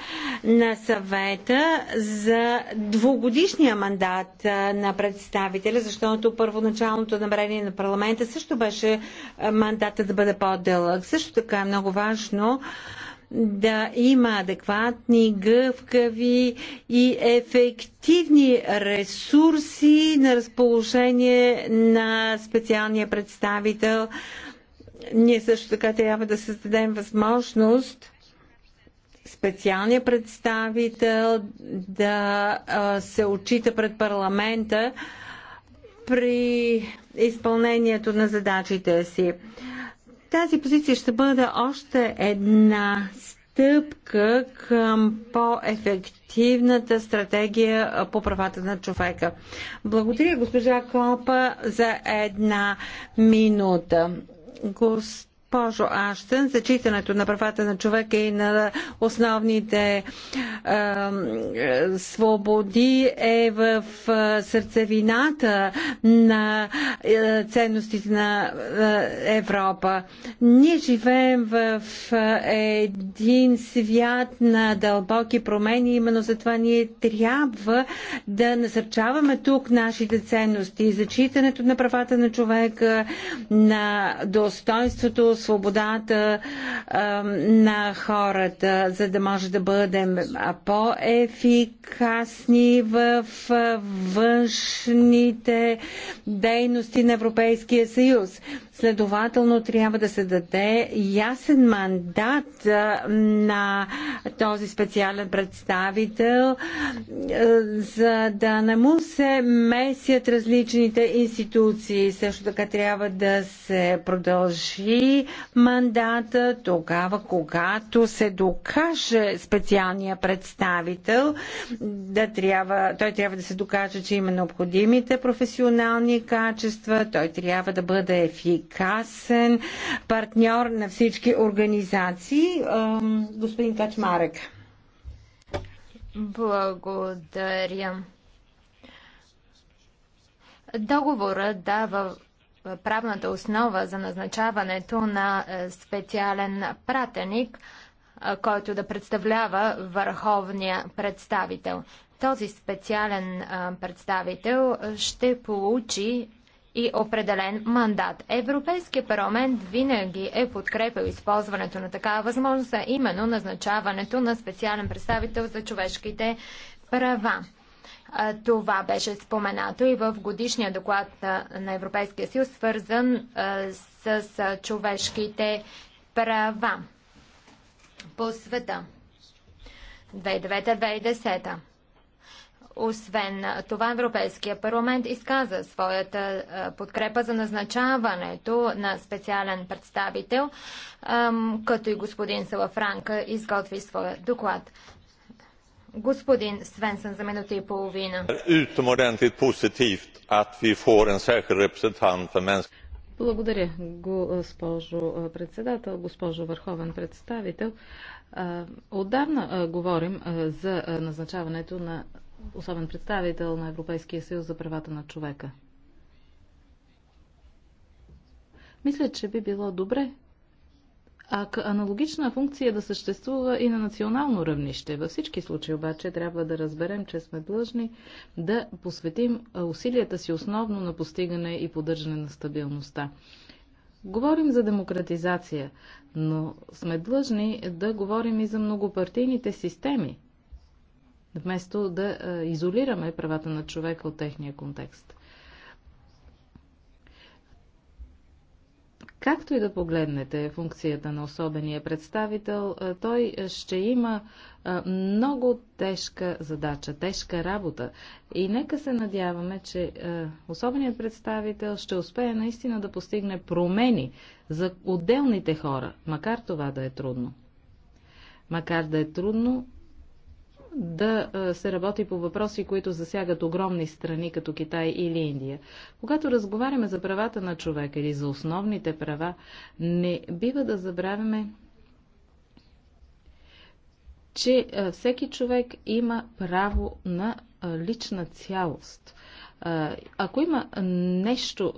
на съвета за двугодишния мандат на представителя, защото първоначалното намерение на парламента също беше мандата да бъде по-дълъг. Също така е много важно да има адекватни, гъвкави и ефективни ресурси на разположение на специалния представител. Ние също така трябва да създадем възможност специалният представител да се отчита пред парламента при изпълнението на задачите си. Тази позиция ще бъде още една стъпка към по-ефективната стратегия по правата на човека. Благодаря госпожа Копа за една минута. Гост госпожо Аштен, зачитането на правата на човека и на основните е, свободи е в сърцевината на е, ценностите на е, Европа. Ние живеем в един свят на дълбоки промени, именно затова ние трябва да насърчаваме тук нашите ценности, зачитането на правата на човека, на достоинството, свободата а, на хората, за да може да бъдем по-ефикасни в външните дейности на Европейския съюз. Следователно трябва да се даде ясен мандат на този специален представител, за да не му се месят различните институции. Също така трябва да се продължи мандата, тогава когато се докаже специалния представител, да трябва, той трябва да се докаже, че има необходимите професионални качества, той трябва да бъде ефикасен партньор на всички организации. Господин Качмарек. Благодаря. Договора дава правната основа за назначаването на е, специален пратеник, е, който да представлява върховния представител. Този специален е, представител ще получи и определен мандат. Европейския парламент винаги е подкрепил използването на такава възможност, а именно назначаването на специален представител за човешките права. Това беше споменато и в годишния доклад на Европейския съюз, свързан с човешките права по света 2009-2010. Освен това, Европейския парламент изказа своята подкрепа за назначаването на специален представител, като и господин Салафранка изготви своя доклад. Господин Свенсън за минута и половина. Благодаря, госпожо председател, госпожо върховен представител. Отдавна говорим за назначаването на особен представител на Европейския съюз за правата на човека. Мисля, че би било добре а аналогична функция да съществува и на национално равнище. Във всички случаи обаче трябва да разберем, че сме длъжни да посветим усилията си основно на постигане и поддържане на стабилността. Говорим за демократизация, но сме длъжни да говорим и за многопартийните системи, вместо да изолираме правата на човека от техния контекст. Както и да погледнете функцията на особения представител, е, той ще има е, много тежка задача, тежка работа. И нека се надяваме, че е, особеният представител ще успее наистина да постигне промени за отделните хора, макар това да е трудно. Макар да е трудно, да се работи по въпроси, които засягат огромни страни, като Китай или Индия. Когато разговаряме за правата на човека или за основните права, не бива да забравяме, че всеки човек има право на лична цялост. Ако има нещо,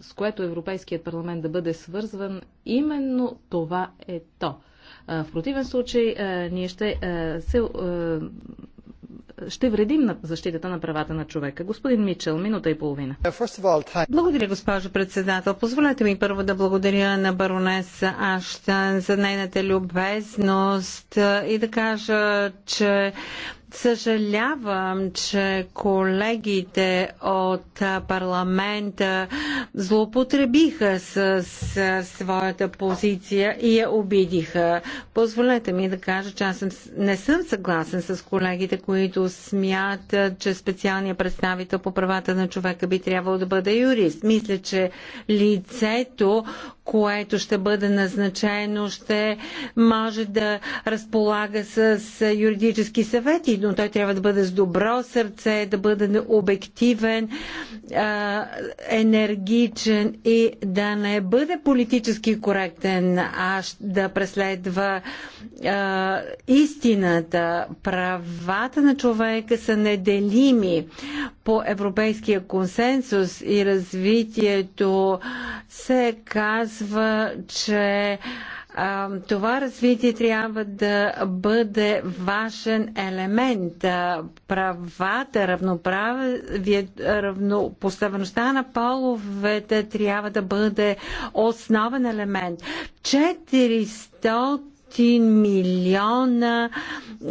с което Европейският парламент да бъде свързван, именно това е то – в противен случай ние ще се ще вредим на защитата на правата на човека. Господин Мичел, минута и половина. Благодаря, госпожо председател. Позволете ми първо да благодаря на баронеса Аштан за нейната любезност и да кажа, че Съжалявам, че колегите от парламента злоупотребиха с, своята позиция и я обидиха. Позволете ми да кажа, че аз не съм съгласен с колегите, които смятат, че специалният представител по правата на човека би трябвало да бъде юрист. Мисля, че лицето, което ще бъде назначено, ще може да разполага с юридически съвети но той трябва да бъде с добро сърце, да бъде обективен, енергичен и да не бъде политически коректен, а да преследва истината. Правата на човека са неделими по европейския консенсус и развитието се казва, че това развитие трябва да бъде важен елемент. Правата, равнопоставеността на половете трябва да бъде основен елемент. 400 500 милиона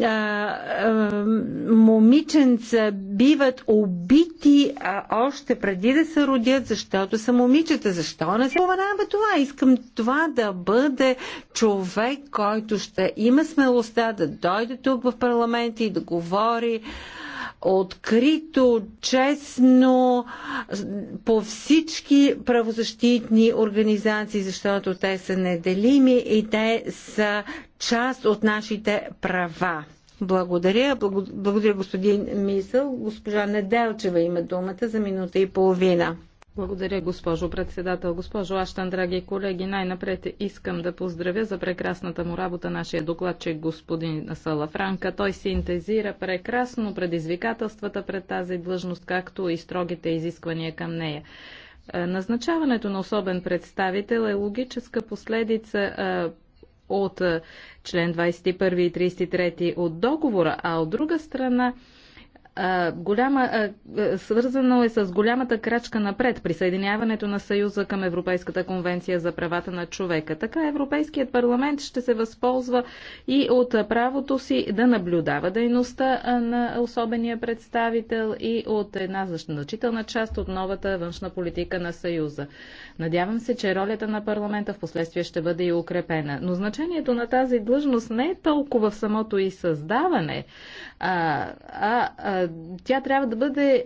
а, а, момиченца биват убити а, още преди да се родят, защото са момичета. Защо не се споменава това? Искам това да бъде човек, който ще има смелостта да дойде тук в парламент и да говори открито, честно по всички правозащитни организации, защото те са неделими и те са част от нашите права. Благодаря. Благодаря господин Мисъл. Госпожа Неделчева има думата за минута и половина. Благодаря, госпожо председател. Госпожо Аштан, драги колеги, най-напред искам да поздравя за прекрасната му работа нашия докладчик господин Салафранка. Той синтезира прекрасно предизвикателствата пред тази длъжност, както и строгите изисквания към нея. Е, назначаването на особен представител е логическа последица е, от е, член 21 и 33 от договора, а от друга страна а, голяма, а, свързано е с голямата крачка напред присъединяването на Съюза към Европейската конвенция за правата на човека. Така Европейският парламент ще се възползва и от правото си да наблюдава дейността на особения представител и от една значителна част от новата външна политика на Съюза. Надявам се, че ролята на парламента в последствие ще бъде и укрепена. Но значението на тази длъжност не е толкова в самото и създаване, а, а, а тя трябва да бъде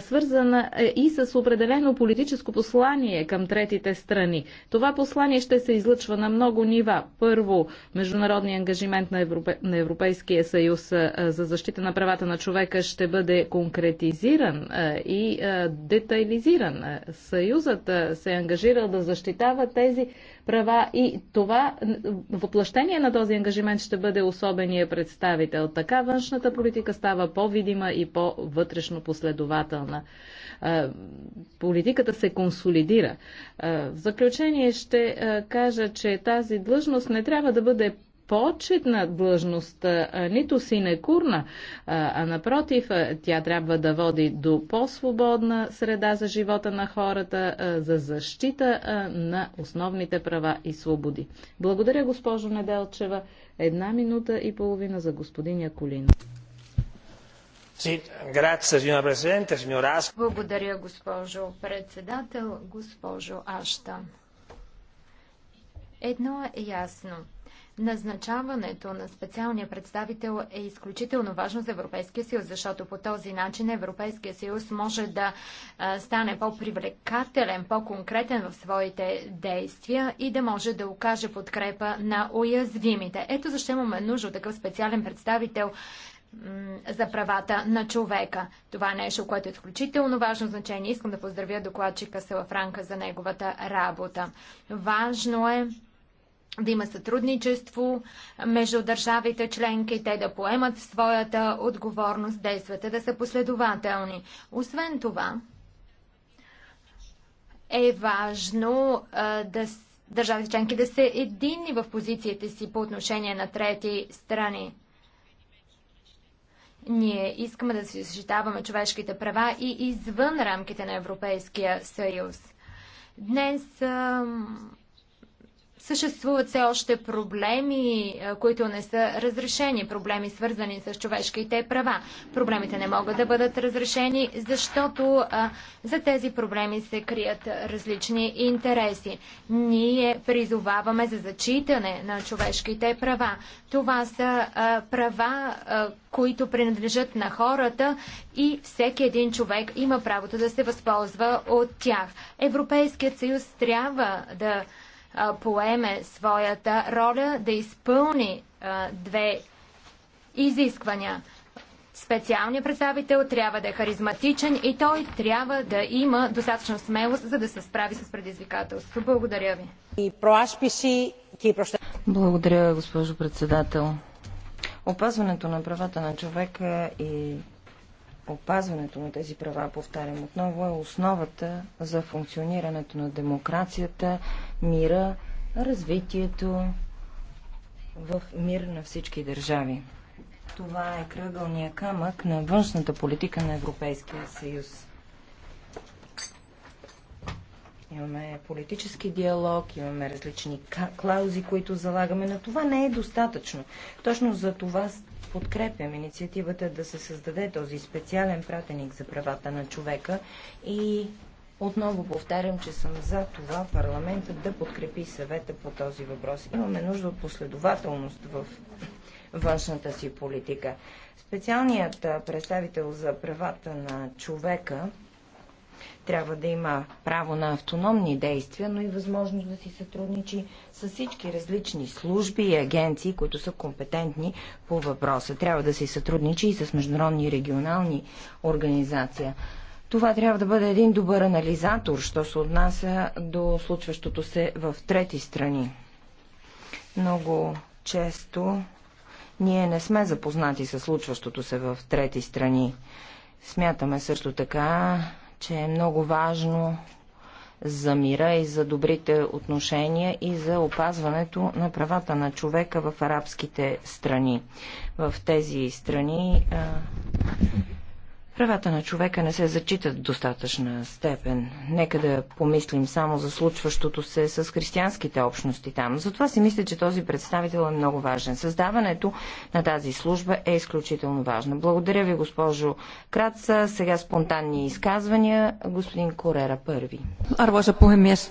свързана и с определено политическо послание към третите страни. Това послание ще се излъчва на много нива. Първо, международния ангажимент на, Европе... на Европейския съюз за защита на правата на човека ще бъде конкретизиран и детайлизиран. Съюзът се е ангажирал да защитава тези права и това въплъщение на този ангажимент ще бъде особения представител. Така външната политика става по-видима и по-вътрешно последователна. Политиката се консолидира. В заключение ще кажа, че тази длъжност не трябва да бъде почетна длъжност, нито синекурна, а напротив, тя трябва да води до по-свободна среда за живота на хората, за защита на основните права и свободи. Благодаря, госпожо Неделчева. Една минута и половина за господин Яколин. Благодаря, госпожо председател, госпожо Ашта. Едно е ясно – Назначаването на специалния представител е изключително важно за Европейския съюз, защото по този начин Европейския съюз може да стане по-привлекателен, по-конкретен в своите действия и да може да окаже подкрепа на уязвимите. Ето защо имаме нужда от такъв специален представител за правата на човека. Това е нещо, което е изключително важно значение. Искам да поздравя докладчика Сала Франка за неговата работа. Важно е да има сътрудничество между държавите членки, те да поемат своята отговорност, действата да са последователни. Освен това, е важно да държавите членки да са единни в позициите си по отношение на трети страни. Ние искаме да си защитаваме човешките права и извън рамките на Европейския съюз. Днес Съществуват все още проблеми, които не са разрешени, проблеми свързани с човешките права. Проблемите не могат да бъдат разрешени, защото а, за тези проблеми се крият различни интереси. Ние призоваваме за зачитане на човешките права. Това са а, права, а, които принадлежат на хората и всеки един човек има правото да се възползва от тях. Европейският съюз трябва да поеме своята роля да изпълни две изисквания. Специалният представител трябва да е харизматичен и той трябва да има достатъчно смелост, за да се справи с предизвикателство. Благодаря ви. Благодаря, госпожо председател. Опазването на правата на човека и опазването на тези права, повтарям отново, е основата за функционирането на демокрацията, мира, развитието в мир на всички държави. Това е кръгълния камък на външната политика на Европейския съюз. Имаме политически диалог, имаме различни клаузи, които залагаме. но това не е достатъчно. Точно за това подкрепям инициативата да се създаде този специален пратеник за правата на човека и отново повтарям, че съм за това парламентът да подкрепи съвета по този въпрос. Имаме нужда от последователност в външната си политика. Специалният представител за правата на човека трябва да има право на автономни действия, но и възможност да си сътрудничи с всички различни служби и агенции, които са компетентни по въпроса. Трябва да си сътрудничи и с международни и регионални организации. Това трябва да бъде един добър анализатор, що се отнася до случващото се в трети страни. Много често ние не сме запознати с случващото се в трети страни. Смятаме също така, че е много важно за мира и за добрите отношения и за опазването на правата на човека в арабските страни. В тези страни Правата на човека не се зачитат в достатъчна степен. Нека да помислим само за случващото се с християнските общности там. Затова си мисля, че този представител е много важен. Създаването на тази служба е изключително важно. Благодаря ви, госпожо Краца. Сега спонтанни изказвания. Господин Корера първи. Arvoisa puhemies,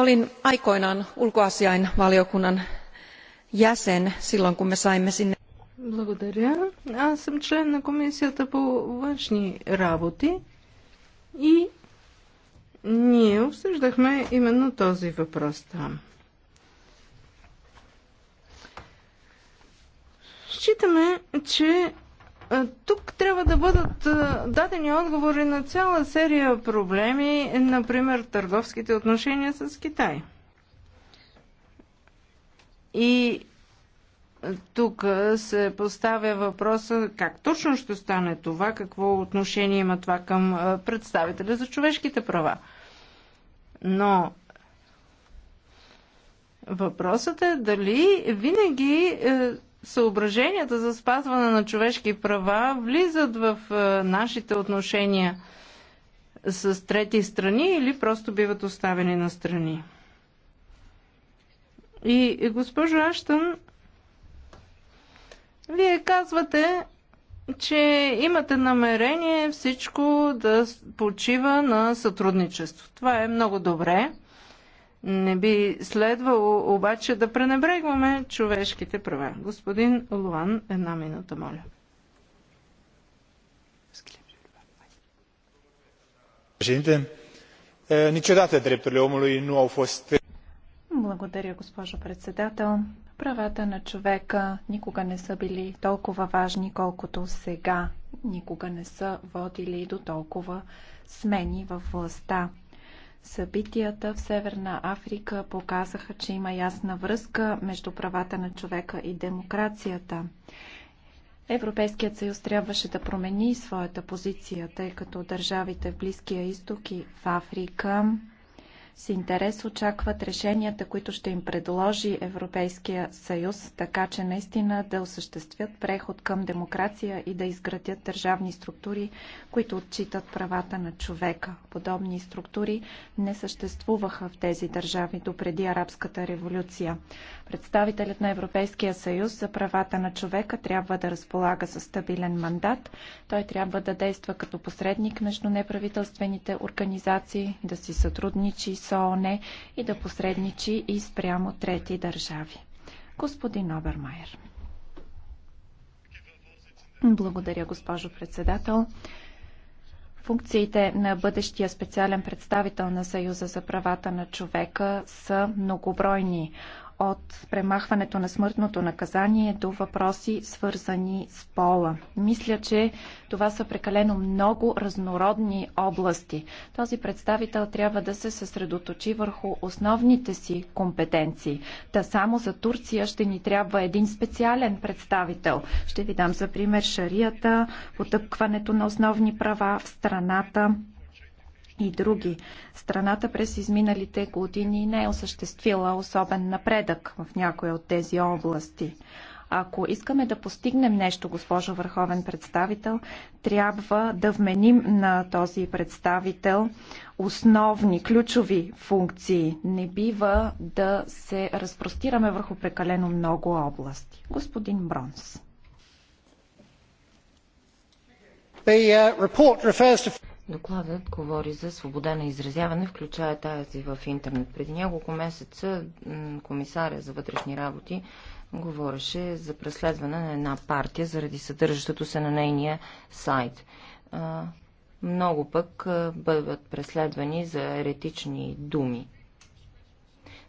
olin aikoinaan ulkoasiainvaliokunnan jäsen silloin, kun me saimme sinne благодаря. Аз съм член на Комисията по външни работи и ние обсъждахме именно този въпрос там. Считаме, че тук трябва да бъдат дадени отговори на цяла серия проблеми, например търговските отношения с Китай. И тук се поставя въпроса как точно ще стане това, какво отношение има това към представителя за човешките права. Но въпросът е дали винаги е, съображенията за спазване на човешки права влизат в е, нашите отношения с трети страни или просто биват оставени на страни. И госпожо Аштън, вие казвате, че имате намерение всичко да почива на сътрудничество. Това е много добре. Не би следвало обаче да пренебрегваме човешките права. Господин Луан, една минута, моля. Eh, Благодаря, госпожо председател. Правата на човека никога не са били толкова важни, колкото сега. Никога не са водили до толкова смени във властта. Събитията в Северна Африка показаха, че има ясна връзка между правата на човека и демокрацията. Европейският съюз трябваше да промени своята позиция, тъй като държавите в Близкия изток и в Африка с интерес очакват решенията, които ще им предложи Европейския съюз, така че наистина да осъществят преход към демокрация и да изградят държавни структури, които отчитат правата на човека. Подобни структури не съществуваха в тези държави до преди арабската революция. Представителят на Европейския съюз за правата на човека трябва да разполага със стабилен мандат. Той трябва да действа като посредник между неправителствените организации, да си сътрудничи с ООН и да посредничи и спрямо трети държави. Господин Обермайер. Благодаря, госпожо председател. Функциите на бъдещия специален представител на Съюза за правата на човека са многобройни от премахването на смъртното наказание до въпроси свързани с пола. Мисля, че това са прекалено много разнородни области. Този представител трябва да се съсредоточи върху основните си компетенции. Та само за Турция ще ни трябва един специален представител. Ще ви дам за пример шарията, потъпкването на основни права в страната, и други. Страната през изминалите години не е осъществила особен напредък в някоя от тези области. Ако искаме да постигнем нещо, госпожо Върховен представител, трябва да вменим на този представител основни, ключови функции. Не бива да се разпростираме върху прекалено много области. Господин Бронс. The uh, report refers to Докладът говори за свобода на изразяване, включая тази в интернет. Преди няколко месеца комисаря за вътрешни работи говореше за преследване на една партия заради съдържащото се на нейния сайт. Много пък бъдат преследвани за еретични думи.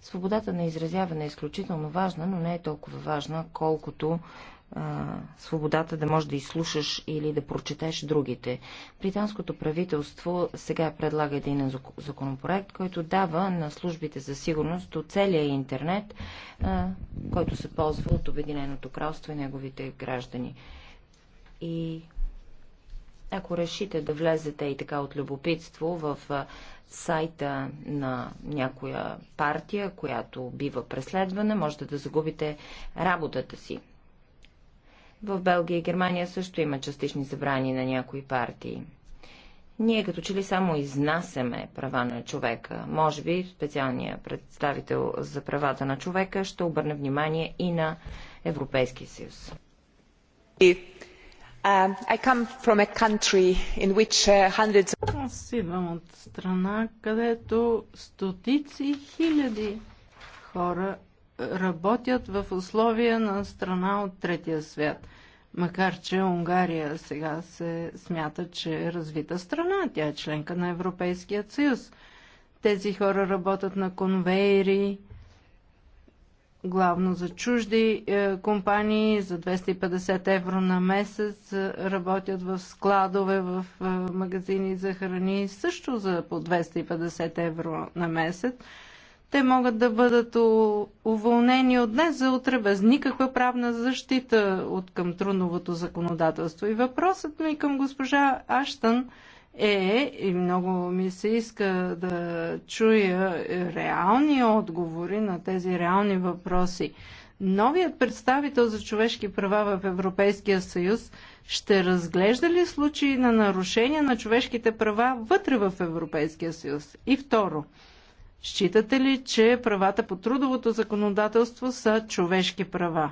Свободата на изразяване е изключително важна, но не е толкова важна, колкото свободата да можеш да изслушаш или да прочетеш другите. Британското правителство сега предлага един законопроект, който дава на службите за сигурност от целия интернет, който се ползва от Обединеното кралство и неговите граждани. И ако решите да влезете и така от любопитство в сайта на някоя партия, която бива преследвана, можете да загубите работата си. В Белгия и Германия също има частични забрани на някои партии. Ние като че ли само изнасяме права на човека. Може би специалният представител за правата на човека ще обърне внимание и на Европейския съюз. Е, uh, Аз идвам от страна, където стотици хиляди хора работят в условия на страна от третия свят. Макар, че Унгария сега се смята, че е развита страна, тя е членка на Европейския съюз. Тези хора работят на конвейери, главно за чужди е, компании, за 250 евро на месец, е, работят в складове, в е, магазини за храни, също за по 250 евро на месец. Те могат да бъдат уволнени от днес за утре без никаква правна защита от към трудовото законодателство. И въпросът ми към госпожа Аштън е, и много ми се иска да чуя реални отговори на тези реални въпроси. Новият представител за човешки права в Европейския съюз ще разглежда ли случаи на нарушения на човешките права вътре в Европейския съюз? И второ, Считате ли, че правата по трудовото законодателство са човешки права?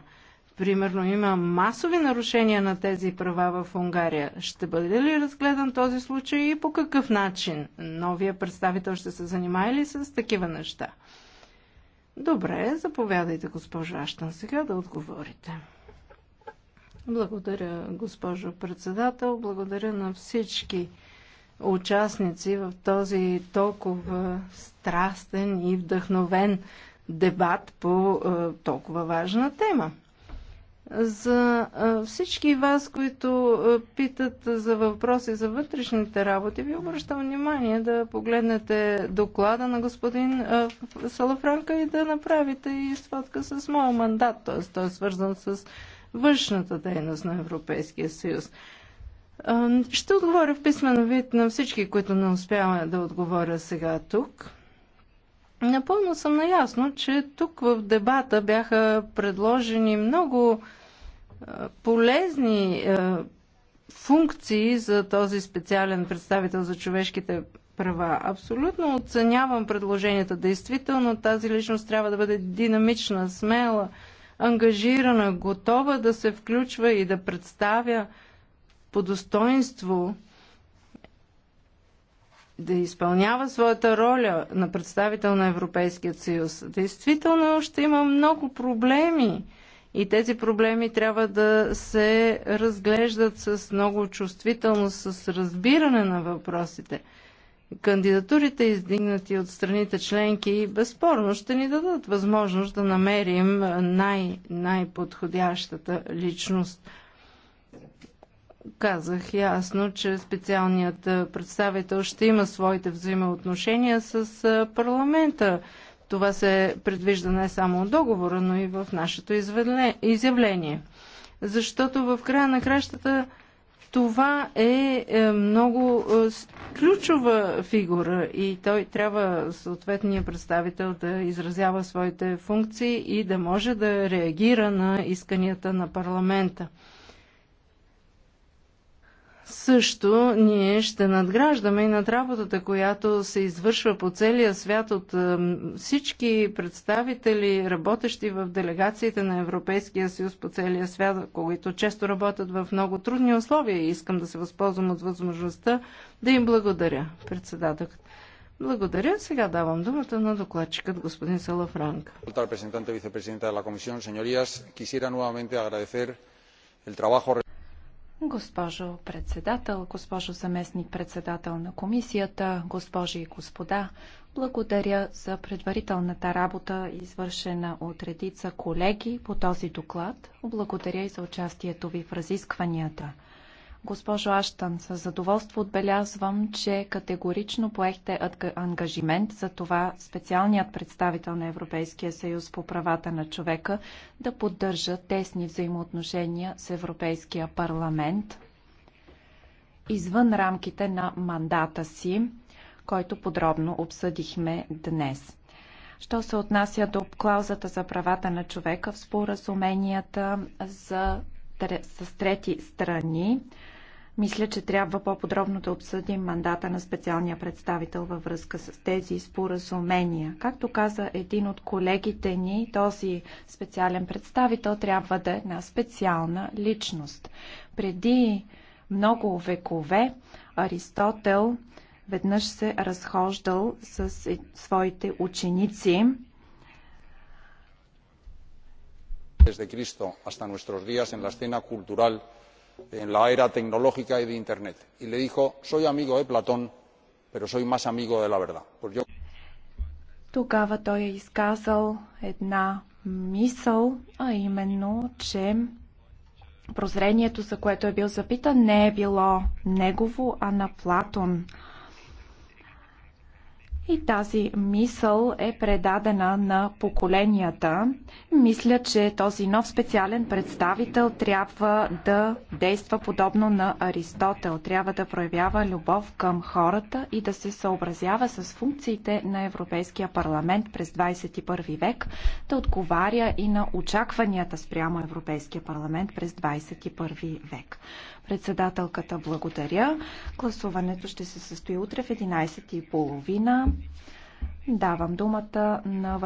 Примерно има масови нарушения на тези права в Унгария. Ще бъде ли разгледан този случай и по какъв начин? Новия представител ще се занимае ли с такива неща? Добре, заповядайте, госпожо Аштан, сега да отговорите. Благодаря, госпожо председател. Благодаря на всички участници в този толкова страстен и вдъхновен дебат по е, толкова важна тема. За е, всички вас, които е, питат за въпроси за вътрешните работи, ви обръщам внимание да погледнете доклада на господин Салафранка и да направите и сводка с моят мандат, т.е. той е свързан с външната дейност на Европейския съюз. Ще отговоря в писмен вид на всички, които не успяваме да отговоря сега тук. Напълно съм наясно, че тук в дебата бяха предложени много полезни функции за този специален представител за човешките права. Абсолютно оценявам предложенията. Действително тази личност трябва да бъде динамична, смела, ангажирана, готова да се включва и да представя по достоинство да изпълнява своята роля на представител на Европейския съюз. Действително ще има много проблеми и тези проблеми трябва да се разглеждат с много чувствителност, с разбиране на въпросите. Кандидатурите, издигнати от страните членки, безспорно ще ни дадат възможност да намерим най- най-подходящата личност – казах ясно, че специалният представител ще има своите взаимоотношения с парламента. Това се предвижда не само от договора, но и в нашето изявление. Защото в края на кращата това е, е много ключова фигура и той трябва съответния представител да изразява своите функции и да може да реагира на исканията на парламента. Също ние ще надграждаме и над работата, която се извършва по целия свят от всички представители, работещи в делегациите на Европейския съюз по целия свят, които често работят в много трудни условия и искам да се възползвам от възможността да им благодаря, председателът. Благодаря. Сега давам думата на докладчикът господин Салафранк. Representante vicepresidenta de la Comisión, señorías, quisiera nuevamente agradecer el trabajo Госпожо председател, госпожо заместник председател на комисията, госпожи и господа, благодаря за предварителната работа, извършена от редица колеги по този доклад. Благодаря и за участието ви в разискванията. Госпожо Аштан, с задоволство отбелязвам, че категорично поехте ангажимент за това специалният представител на Европейския съюз по правата на човека да поддържа тесни взаимоотношения с Европейския парламент извън рамките на мандата си, който подробно обсъдихме днес. Що се отнася до клаузата за правата на човека в споразуменията за, с трети страни, мисля, че трябва по-подробно да обсъдим мандата на специалния представител във връзка с тези споразумения. Както каза един от колегите ни, този специален представител трябва да е една специална личност. Преди много векове Аристотел веднъж се разхождал с е, своите ученици. Desde Cristo hasta nuestros días en la escena cultural en la era tecnológica y de internet y le dijo soy amigo de platón pero soy más amigo de la verdad. Тогава той е изказал една мисъл, а именно, че прозрението, за което е бил запитан, не е било негово, а на Платон. И тази мисъл е предадена на поколенията. Мисля, че този нов специален представител трябва да действа подобно на Аристотел. Трябва да проявява любов към хората и да се съобразява с функциите на Европейския парламент през 21 век, да отговаря и на очакванията спрямо Европейския парламент през 21 век. Председателката благодаря. Гласуването ще се състои утре в 11.30. Давам думата на